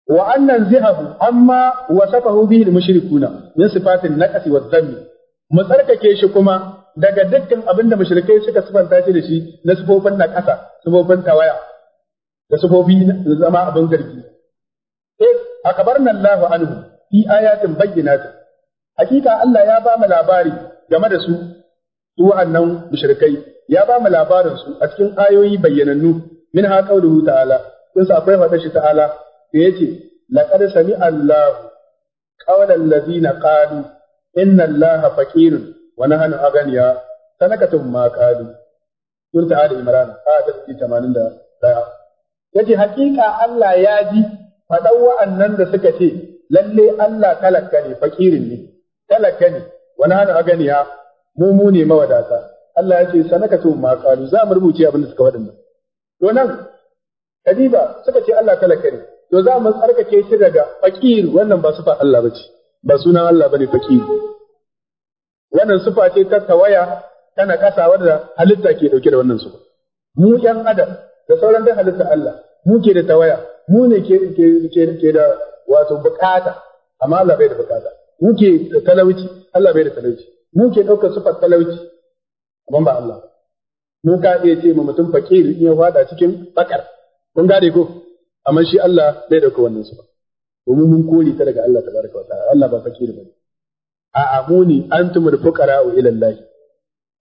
A: wa annan zi'ahu amma wasafahu bihi al-mushrikuna min sifatin naqsi wa dhanbi mu tsarkake shi kuma daga dukkan abinda da mushrikai suka sifanta shi da shi na sifofin naqasa sifofin tawaya da sifofi zama abin gargi eh akabarna Allah anhu fi ayatin ta. hakika Allah ya ba mu labari game da su su wa'annan mushrikai ya ba mu labarin su a cikin ayoyi bayyanannu min ha qawluhu ta'ala kun sa akwai fadar shi ta'ala da yace laqad sami Allahu qawlan allazina qalu inna Allaha faqirun wa nahnu aghniya sanakatum ma qalu sun ta da imran a ta ci 81 yace hakika Allah ya ji faɗan wa'annan da suka ce lalle Allah talaka ne fakirin ne talaka ne wa nahnu aghniya mu mu ne mawadata Allah ya ce sanaka tun ma qalu za mu rubuce abin da suka faɗin nan to nan kadiba suka ce Allah talaka ne to za mu tsarkake shi daga fakir wannan ba sufa Allah bace ba sunan Allah bane fakir wannan sufa ce ta tawaya tana kasa wadda halitta ke dauke da wannan sufa mu yan adam da sauran da halitta Allah mu ke da tawaya mu ne ke ke ke da wato bukata amma Allah bai da bukata mu ke da talauci Allah bai da talauci mu ke daukar sufa talauci amma ba Allah mu ka iya ce mu mutum fakir in ya fada cikin bakar kun gane ko amma shi Allah bai dauka wannan su ba domin mun kore ta daga Allah tabaraka wa ta'ala Allah ba fakir bane a amuni antumul fuqara'u ila Allah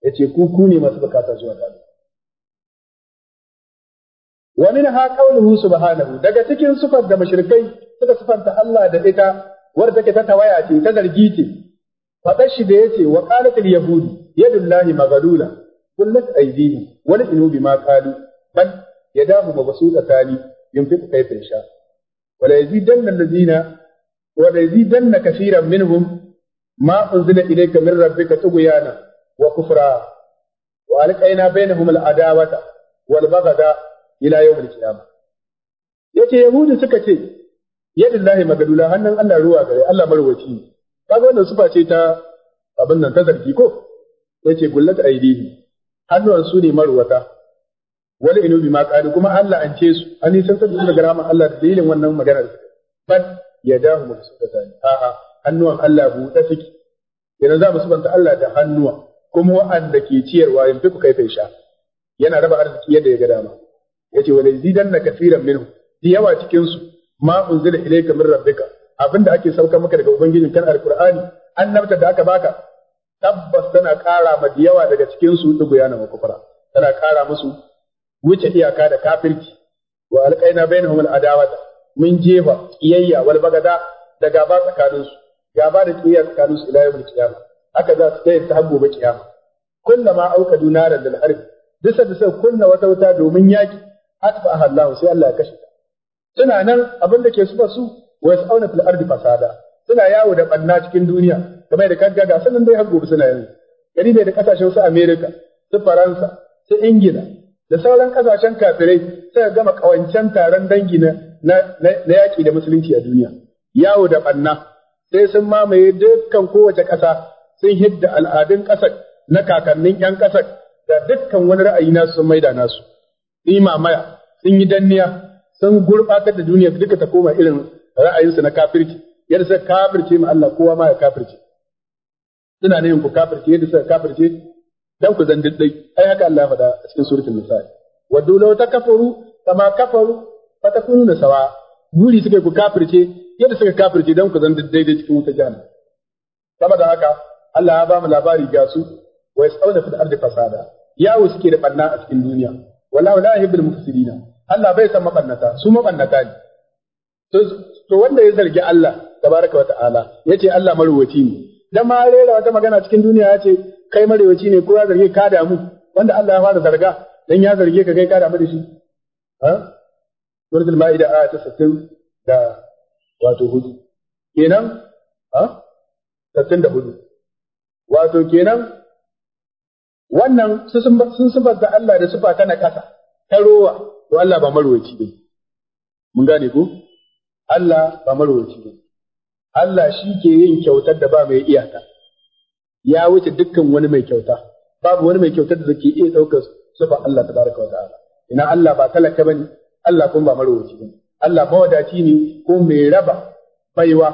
A: yace ku ku ne masu bukata zuwa ga Allah wa minha qawluhu subhanahu daga cikin sifar da mushrikai suka sifanta Allah da ita wadda take ta tawaya ce ta zargi ce faɗar shi da yace wa qalat al yahudi yadullahi maghlula kullat aydihim wa la inu bima qalu bal yadahu mabsutatani ينفق كيف يشاء ولا يزيدن الذين ولا يزيدن كثيرا منهم ما أنزل إليك من ربك طغيانا وكفرا وألقينا بينهم العداوة والبغضاء إلى يوم القيامة yace yahudu suka ce yadillahi magadula hannun Allah ruwa gare Allah marwaci ne kaga wannan sufa ce ta abin nan ta zargi ko yace gullat aidihi hannuwan su ne marwata wala inu ma qalu kuma Allah an ce su an nisantar da daga rahmar Allah da dalilin wannan magana da suka bal yadahu mabsutatani a'a hannuwan Allah buɗe suke idan za mu subanta Allah da hannuwa kuma wa'anda ke ciyarwa yanzu ku kai sha yana raba arziki yadda ya ga dama yace wala na kaseeran minhu da yawa cikin su ma unzila ilayka min rabbika abinda ake sauka maka daga ubangijin kan alqur'ani annabta da aka baka tabbas tana kara ma da yawa daga cikin su dugu yana makufara tana kara musu wuce iyaka da kafirci wa alqaina bainahum al'adawata mun jefa kiyayya wal bagada da gaba tsakaninsu gaba da kiyayya tsakaninsu ila yawmil qiyamah haka za su kai ta ba kiyama kullama auka naran lil harb dusa da sai kunna wata wuta domin yaki atfa Allah sai Allah ya kashe ta suna nan abin da ke sufa su wa auna fil ardi fasada suna yawo da banna cikin duniya kamar da kaga ga sanan dai har suna yanzu gari ne da kasashen su America su Faransa su Ingila da sauran kasashen kafirai suka gama kawancen taron dangi na na yaƙi da musulunci a duniya yawo da ɓanna sai sun mamaye dukkan kowace ƙasa sun hidda al'adun ƙasar na kakannin 'yan ƙasar da dukkan wani ra'ayi nasu sun maida nasu sun yi mamaya sun yi danniya sun gurɓatar da duniya duka ta koma irin ra'ayinsu na kafirci yadda suka kafirce ma Allah kowa ma ya kafirce suna ne ku kafirce yadda suka kafirce dan ku zan diddai ai haka Allah faɗa a cikin suratul nisa waddu law takafuru kama kafaru fatakununa sawa muri suka ku kafirce yadda suka kafirce dan ku zan diddai cikin wuta jahannam da haka Allah ya ba mu labari ga su wa yasawna fil ardi fasada wu suke da banna a cikin duniya wallahu la yahibbul mufsidina Allah bai san mabannata su mabannata ne to wanda ya zargi Allah tabaraka wa ta'ala yace Allah maruwaci ne dan ma rera wata magana cikin duniya yace kai marewaci ne ko ya zarge ka damu wanda Allah ya fara zarga dan ya zarge ka kai ka damu da shi ha suratul maida ayat ta 60 da wato hudu kenan ha 64 wato kenan wannan sun sifar da Allah da sufa ta na kasa ta rowa to Allah ba marwaci ne, mun gane ko Allah ba marwaci ne. Allah shi ke yin kyautar da ba mai iyaka ya wuce dukkan wani mai kyauta babu wani mai kyautar da zake iya ɗaukar su sifar Allah tabaraka wa ta'ala ina Allah ba talaka bane Allah kuma ba marowaci bane Allah mawadaci ne ko mai raba baiwa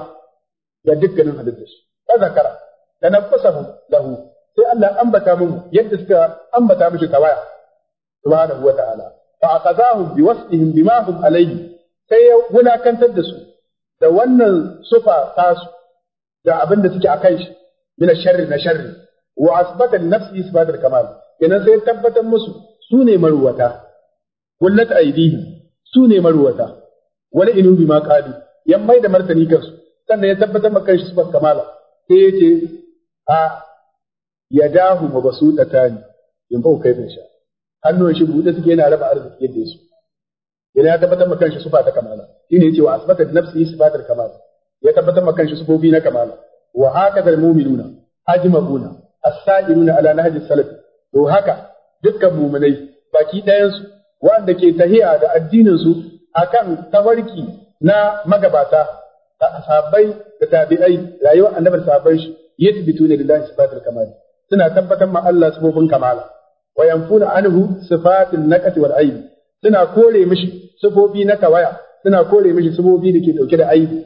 A: ga dukkanin halittar shi ta zakara da nafasahu lahu sai Allah ambata mu yadda suka ambata mishi tawaya subhanahu wa ta'ala fa aqazahum bi wasfihim bima hum alayhi sai ya wulakantar da su da wannan sufa tasu da abin da suke kan shi min sharri na sharri wa asbata nafsi isbatul kamal kenan sai tabbatar musu su ne maruwata wallat aidihim su ne maruwata wala inu bima qalu yan mai da martani kansu sannan ya tabbatar maka shi sifar kamala sai yace a yadahu mabsutatani in fa kai sha hannun shi bude suke yana raba arziki yadda yaso Ina ya tabbatar maka shi sifa ta kamala shine yace wa asbata nafsi sifatul kamal ya tabbatar maka shi sifofi na kamala wa hakadal mu'minuna ajma'una as-sa'iruna ala nahji salaf to haka dukkan mu'minai baki ɗayansu, waɗanda ke tahiya da addinin su akan tafarki na magabata sahabbai da tabi'ai rayuwar annabi sahabbai shi yathbituna lillahi sifatul kamal suna tabbatar ma Allah sifofin kamala wa yanfuna anhu sifatul na wal aib suna kore mishi sifofi na tawaya suna kore mishi sifofi da ke ɗauke da aibi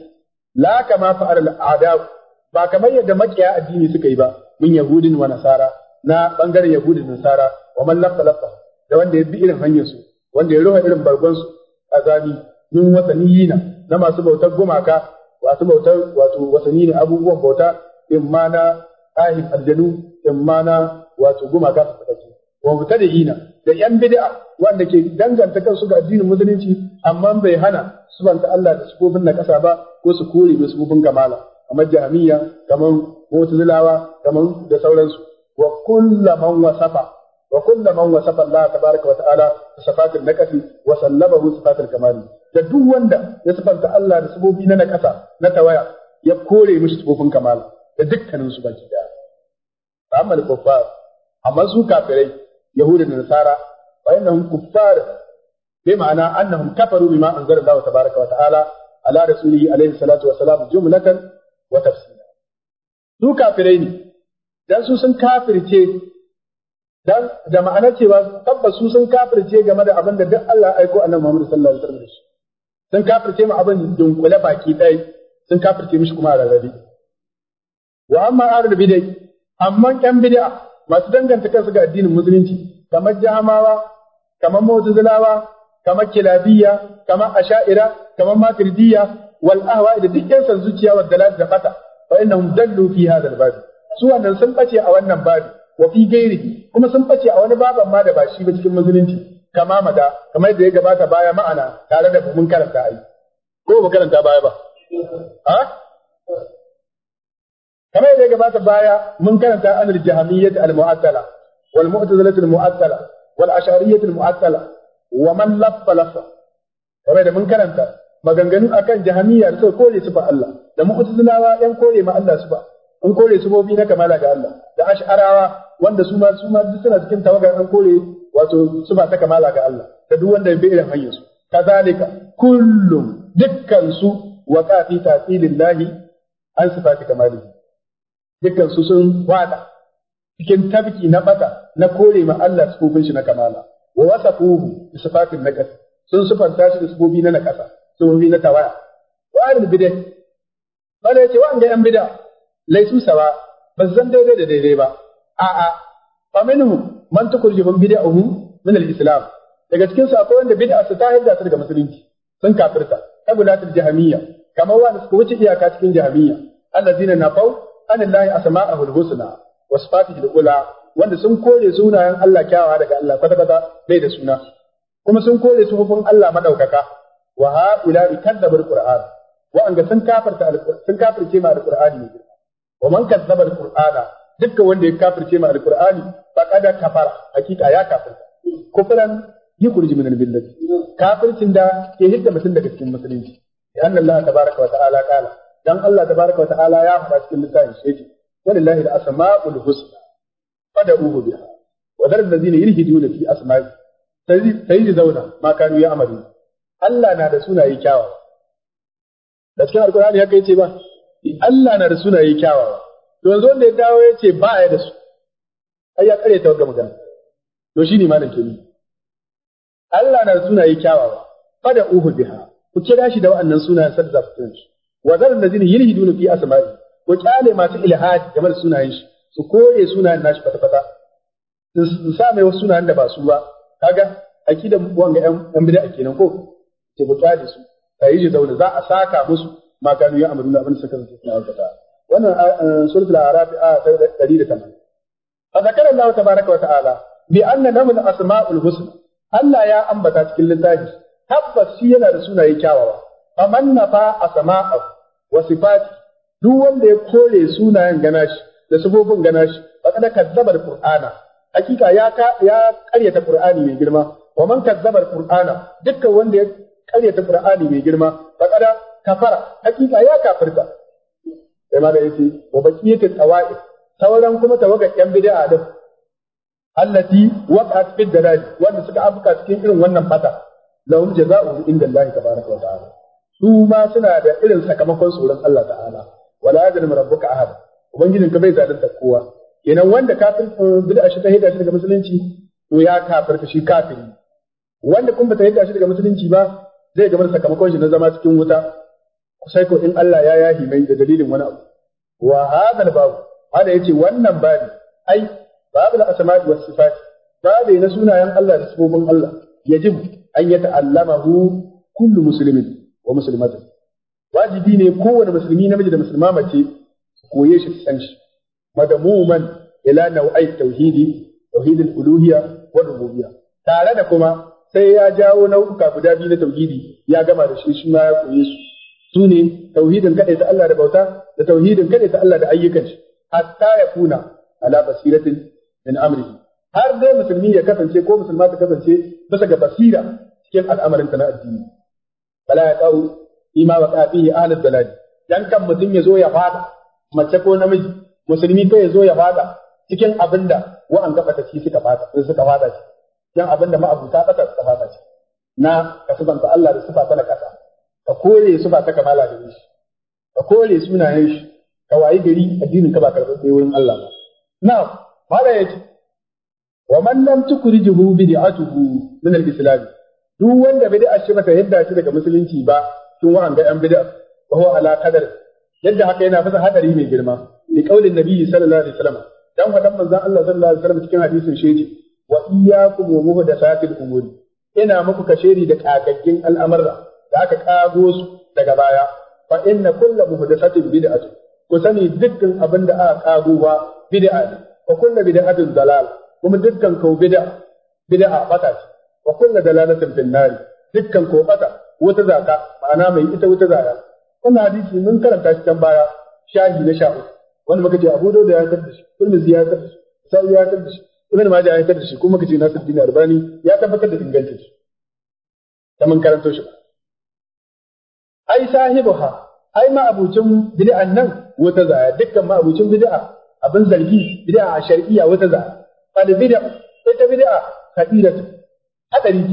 A: la kama fa'al al'ada ba kamar yadda makiya addini suka yi ba min yahudin wa nasara na bangaren Yahudin nasara wa man lafa lafa, da wanda ya bi irin hanyar su wanda ya ruha irin bargon su azami min wasaniyina na masu bautar gumaka wasu bautar wato wasani ne abubuwan bauta in ma na ahin aljanu in ma na wato gumaka su fitake wa mutadihina da yan bid'a wanda ke danganta kansu ga addinin musulunci amma bai hana subanta Allah da sufofin na kasa ba ko su kore da sufofin gamala kamar jami'a kamar mu'tazilawa kamar da sauransu wa kullaman wasafa wa kullaman wasafa Allah tabaraka wa ta'ala sifatul naqasi wa sallabahu sifatul kamali da duk wanda ya sifanta Allah da sifofi na nakasa na tawaya ya kore mishi sifofin kamal da dukkanin su baki da amma kuffar amma su kafirai yahudu da nasara wa innahum kuffar bi ma'ana annahum kafaru bima anzala Allah tabaraka wa ta'ala ala rasulihi alaihi salatu wa salam jumlatan wa su kafirai ne dan su sun kafirce dan da ma'ana cewa tabbas su sun kafirce game da abin da duk Allah ya aiko annabi Muhammad sallallahu alaihi wasallam sun kafirce mu abin dunkule baki ɗaya sun kafirce mishi kuma a rarrabe wa amma ahlul bidai amma kan bid'a masu danganta kansu ga addinin musulunci kamar jahamawa kamar mu'tazilawa kamar kilabiyya kamar asha'ira kamar maturidiyya wal ahwa da duk yan san zuciya wa dalal da bata fa innahum dallu fi hadha al bab su wannan sun bace a wannan babi wa fi gairi kuma sun bace a wani baban ma da ba shi ba cikin musulunci kama maga kamar da ya gabata baya ma'ana tare da mun karanta ai ko ba karanta baya ba kamar da ya gabata baya mun karanta anil al wal wal wa man da mun karanta maganganu akan jahamiyya da suka kore su ba Allah da mu'tazilawa yan kore ma Allah su ba an kore su bobi na kamala ga Allah da ash'arawa wanda su ma su ma suna cikin tawaga an kore wato su ba ta kamala ga Allah da duk wanda bai irin hanyar su kazalika kullum dukkan su waqa fi ta'tilillahi an sifati kamali dukkan su sun wada cikin tabki na bata na kore ma Allah sifofin shi na kamala wa wasafuhu bi sifatin naqas sun sifanta shi da sifofi na naqasa tsohohi na tawaya wa ahlul bid'a bala ce wa ga yan bid'a laisu sawa ba zan daidai da daidai ba a'a fa minhum man tukurju min bid'ahu min al-islam daga cikin su akwai wanda bid'a su ta haidda su daga musulunci sun kafirta tabulatul jahamiyya kamar wanda suka wuce iyaka cikin jahamiyya allazina nafau anillahi asma'ahu al-husna Wasu Fati da ƙula wanda sun kore sunayen Allah kyawawa daga Allah kwata kwata bai da suna kuma sun kore sufufin Allah maɗaukaka. wa ila kadzabul qur'an wa an ga sun kafirta sun kafirce ma alqur'ani ne wa man kadzaba alqur'ana duka wanda ya kafirce ma alqur'ani kada kafara hakika ya kafirta kufran yukurji min al kafircin da ke hidda mutum daga cikin musulunci ya anna Allah tabaaraka wa ta'ala kala dan Allah tabaaraka wa ta'ala ya faɗa cikin littafin shi walillahi al-asma'ul husna fad'uhu biha wa dar allazina yulhiduna fi asma'i sayyidu zauna ma kanu Amadu. Allah na da sunaye kyawawa da cikin alkur'ani haka yace ba Allah na da sunaye kyawawa to yanzu wanda ya dawo ce ba ya da su ai ya kare ta wagga magana to shi ne malam kenan Allah na da sunaye kyawawa fada uhu biha ku kira shi da wa'annan sunayen sadda ku kira shi wa zal ladina yulhiduna fi asma'i ku kyale masu ilhadi game da sunayen shi su kore sunayen nashi fata fata su sa mai wasu sunayen da ba su ba kaga da wanga yan bid'a kenan ko ki fita da su yi za a saka musu ma kanu ya amruna abin suka zai suna aikata wannan suratul a'raf a 180 fa zakara Allah tabaaraka wa ta'ala bi anna lahum asmaul husna Allah ya ambata cikin littafi tabbas shi yana da sunaye kyawawa faman nafa asma'ahu wa sifati duk wanda ya kore sunayen ganashi da sifofin ganashi faqad kazzaba al-qur'ana hakika ya ya karyata qur'ani mai girma wa man kazzaba al-qur'ana dukkan wanda ya ƙaryata Qur'ani mai girma faqad kafara hakika ya kafirta sai ma da yace wa baqiyatul qawaid sauran kuma tawaga yan bid'a din allati waqa'at fi dalal wanda suka afka cikin irin wannan fata lahum jazaa'u inda Allah tabaaraka wa ta'ala su ma suna da irin sakamakon tsoron Allah ta'ala wala yadrim rabbuka ahad ubangijin ka bai zalunta kowa kenan wanda kafir eh, bid'a shi ta hida shi daga musulunci to ya kafirta shi kafiri wanda kun bata ta yadda shi daga musulunci ba zai gabar sakamakon shi na zama cikin wuta sai ko in Allah ya yahi mai da dalilin wani abu wa hadal babu hada yace wannan babu ai babu da asmai was sifat babu na sunayen Allah da sifofin Allah yajib an yata'allamahu kullu muslimin wa muslimatin wajibi ne kowane musulmi namiji da musulma mace su koye shi su san shi madamuman ila nau'ai tauhidi tauhidul uluhiyya wa rububiyya tare da kuma sai ya jawo nau'uka guda biyu na tauhidi ya gama da shi shi ma ya koye su su ne tauhidin kaɗai ta Allah da bauta da tauhidin kaɗai ta Allah da ayyukan shi hatta ya kuna ala basiratin min amrihi har dai musulmi ya kasance ko musulma ta kasance bisa ga basira cikin al'amarin ta na addini bala ya kawo ima wa qafihi ahlul dalal dan kan mutum ya zo ya fada mace ko namiji musulmi kai ya zo ya fada cikin abinda wa'an gaba ta ci suka fada suka fada shi dan abin da ma'abuta bata suka fata ce na ka sifanta Allah da sifa ta ƙasa, ka kore sifa ta kamala da shi ka kore sunayen shi ka wayi gari addinin ka ba karɓar karɓaɓɓe wurin Allah ba na mala ce. wa man lam tukrijuhu bid'atuhu min al-islam duk wanda bid'a shi bata yadda shi daga musulunci ba tun wa'an ga yan bid'a wa huwa ala qadar yadda haka yana fasa hadari mai girma li qaulin nabiyyi sallallahu alaihi wasallam dan fadan manzon Allah sallallahu alaihi wasallam cikin hadisin shi wa iyyakum wa muhdathatil umuri ina muku kashiri da kakaggin al'amarra da aka kago su daga baya fa inna kullu muhdathatin bid'atun ku sani dukkan abin da aka kago ba bid'a ne wa kullu bid'atin dalal kuma dukkan kau bid'a bid'a bata ce wa kullu dalalatin fil nar dukkan ko bata wata zaka ma'ana mai ita wata zaka wannan hadisi mun karanta shi can baya shahi na sha uku wanda muka ce Abu Dawud ya tarda shi, Tirmidhi ya tarda shi, Sa'id ya tarda shi, ibn majah ya aikata shi kuma kace nasiruddin albani ya tabbatar da ingancin shi da mun karanto shi ai sahibuha ai ma abucin bid'an nan wata zaya dukkan ma abucin bid'a abin zargi bid'a shar'iyya wata zaya fal bid'a ita bid'a kadiratu hadari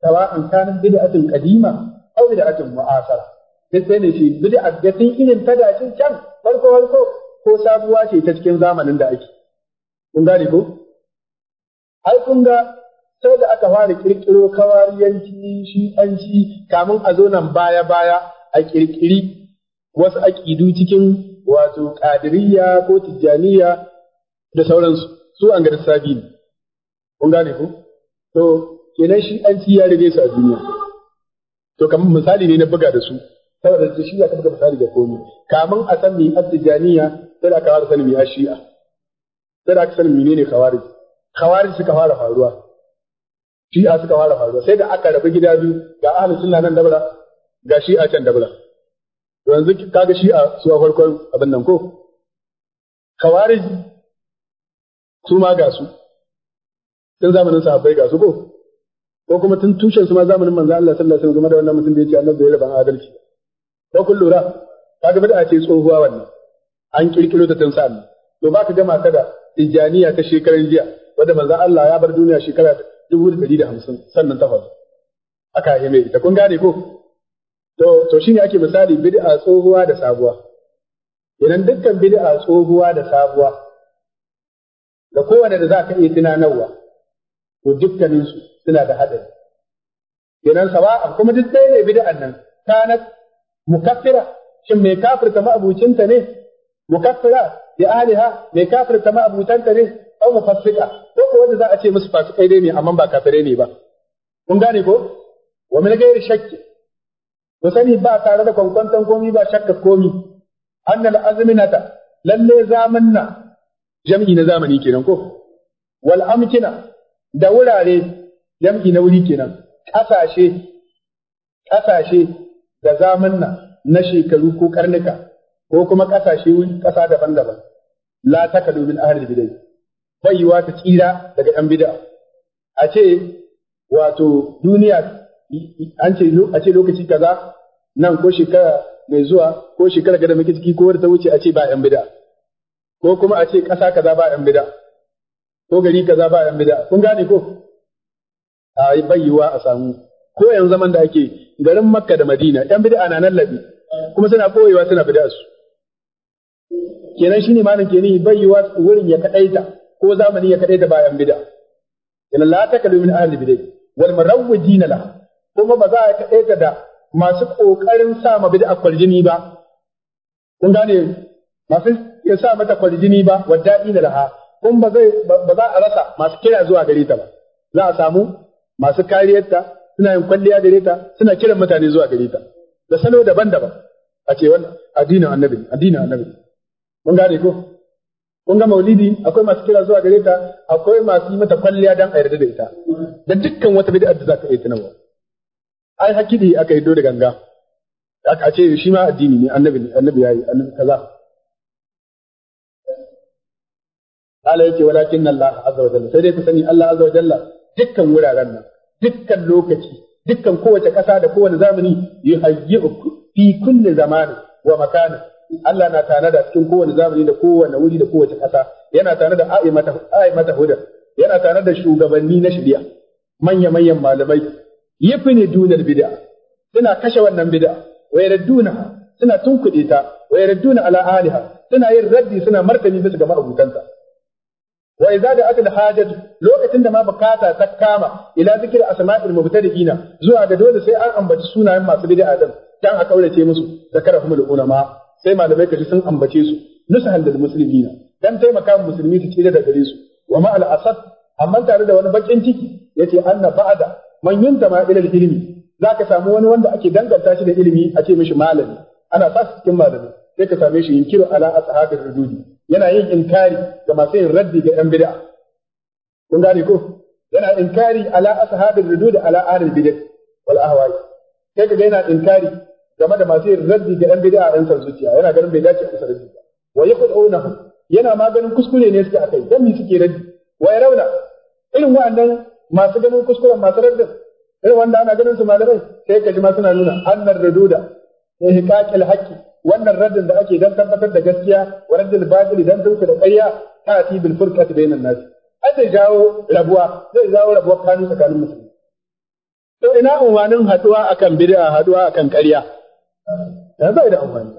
A: ce an kana bid'atun qadima aw bid'atun mu'asara duk sai ne shi bid'a ga tin irin tadacin can farko farko ko sabuwa ce ta cikin zamanin da ake kun gane ko ai kun ga sai da aka fara kirkiro kawariyanci shi an ci kamun a zo nan baya baya a kirkiri wasu aƙidu cikin wato ƙadiriyya ko tijjaniya da sauransu su an gari sabi ne kun gane ku to kenan shi an ci ya rage su a duniya to kamar misali ne na buga da su saboda shi ya buga misali da komai kamun a san mai tijjaniya sai da aka fara sanin mai shi'a sai da aka sanin menene kawariyya kawari suka fara faruwa shi'a suka fara faruwa sai da aka rabu gida biyu ga ahli sunna nan dabra ga shi'a can dabra yanzu kaga shi'a su a farkon abin nan ko kawari su ma ga su tun zamanin sahabbai ga su ko ko kuma tun tushen su ma zamanin manzo Allah sallallahu alaihi wasallam da wannan mutum da yake annabi bai raban adalci ko kun lura kaga bid'a ce tsohuwa wannan an kirkiro ta tun sa'an to ba ka gama ta da tijaniya ta shekaran jiya wanda manzon Allah ya bar duniya shekara hamsin sannan ta faru aka yi mai ita kun gane ko to to shine ake misali bid'a tsohuwa da sabuwa idan dukkan bid'a tsohuwa da sabuwa da kowane da za ka iya tunanarwa to dukkaninsu suna da haɗari Idan sawa'an kuma duk ɗaya ne bid'an nan kanat mukaffira shin mai kafirta ma'abucinta ne mukaffira bi ahliha mai kafirta ma'abutanta ne mu mufassika ko ko wanda za a ce musu fasikai dai ne amma ba kafirai ne ba kun gane ko wa min gairi shakki to sani ba tare da kwankwantan komi ba shakka komi annal azminata lalle zamanna jam'i na zamani kenan ko wal amkina da wurare jam'i na wuri kenan kasashe kasashe da zamanna na shekaru ko karnuka ko kuma kasashe ƙasa daban-daban la takalu min ahli bidai bai ta tsira daga ɗan bid'a a ce wato duniya an ce a ce lokaci kaza nan ko shekara mai zuwa ko shekara gada da muke ciki ko wadda ta wuce a ce ba ɗan bid'a ko kuma a ce ƙasa kaza ba ɗan bid'a ko gari kaza ba ɗan bid'a kun gane ko a yi yiwa a samu ko yanzu zaman da ake garin Makka da Madina ɗan bid'a na nan labi kuma suna koyewa suna bid'a su kenan ne malam ke ni bai wurin ya ta. ko zamani ya kaɗai da bayan bid'a ila la takalu min ahli bid'a wal murawwijin la kuma ba za a kaɗai da masu kokarin sa ma bid'a kwaljini ba kun gane masu ya sa mata kwaljini ba da laha kun ba zai ba za a rasa masu kira zuwa gare ta ba za a samu masu kariyarta suna yin kwalliya gare ta suna kiran mutane zuwa gare ta da salo daban-daban a ce wannan addinin annabi addinin annabi mun gane ko kun ga maulidi akwai masu kira zuwa gare ta akwai masu yi mata kwalliya dan a yarda da ita da dukkan wata bid'a da zaka yi tunawa ai hakidi aka yi da ganga aka ce shi ma addini ne annabi annabi yayi annabi kaza Allah yake walakin Allah azza wa jalla sai dai ku sani Allah azza wa jalla dukkan wuraren nan dukkan lokaci dukkan kowace ƙasa da kowane zamani yuhayyi'u fi kulli zamanin wa makanin Allah na tana da cikin kowane zamani da kowane wuri da kowace ƙasa yana tana da a'imata huda yana tana da shugabanni na shari'a manya manyan malamai yafini dunar bid'a suna kashe wannan bid'a wa yaradduna suna tunkuɗe ta wa yaradduna ala aliha suna yin raddi suna martani bisa ga ma'abutanta wa idza da akal hajat lokacin da ma bukata ta kama ila zikir asma'il mubtadi'ina zuwa ga dole sai an ambaci sunayen masu bid'a din dan a kaurace musu zakarahumul ulama sai malamai kashi sun ambace su nusahan Musulmi muslimina dan taimaka musulmi ta cire da gare su wa ma al asad amma tare da wani bakin ciki yace anna ba'da man yuntama ila al ilmi zaka samu wani wanda ake danganta shi da ilimi a ce mishi malami ana sa cikin malami sai ka same shi yinkiru ala ashabir rududi yana yin inkari ga masu yin raddi ga yan bid'a kun gane ko yana inkari ala ashabir rududi ala ahlil bid'ah wal ahwa'i sai ka ga yana inkari game da masu yin raddi ga yan bid'a ɗan san zuciya yana ganin bai dace a musu raddi wa yaqulunahum yana maganin kuskure ne suke akai dan mi suke raddi wa yarawna irin wa'annan masu ganin kuskuren masu raddin irin wanda ana ganin su malamai sai ka ji ma suna nuna annar raduda sai hikakil haqqi wannan raddin da ake dan tabbatar da gaskiya wa raddil batil dan tunku da ƙarya ta'ati bil furqati bainan nas ai zai jawo rabuwa zai jawo rabuwa kanu tsakanin musulmi to ina umarnin haduwa akan bid'a haduwa akan ƙarya dan bai da amfani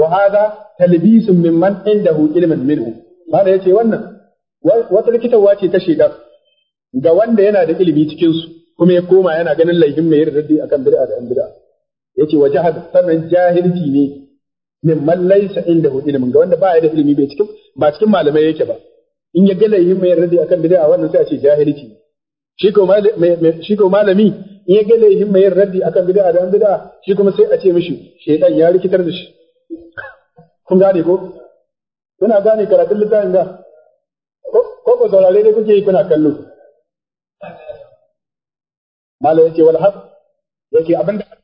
A: wa hada talbisun mimman indahu ilmin minhu mana yace wannan wata likitawa ce ta shiga. ga wanda yana da ilimi cikin su kuma ya koma yana ganin laifin mai raddi akan bid'a da an bid'a yace wa jahad sanan jahilci ne mimman laysa indahu ilmin ga wanda ba ya da ilimi bai cikin ba cikin malamai yake ba in ya ga laifin mai raddi akan bid'a wannan sai a ce jahilci shi ko malami ya ga laifin mai raddi akan bid'a da an bid'a shi kuma sai a ce mishi shaytan ya rikitar da shi kun gane ko kuna gane karatun littafin da ko ko saurare dai kuke yi kuna kallo malai ce wal haq yace abinda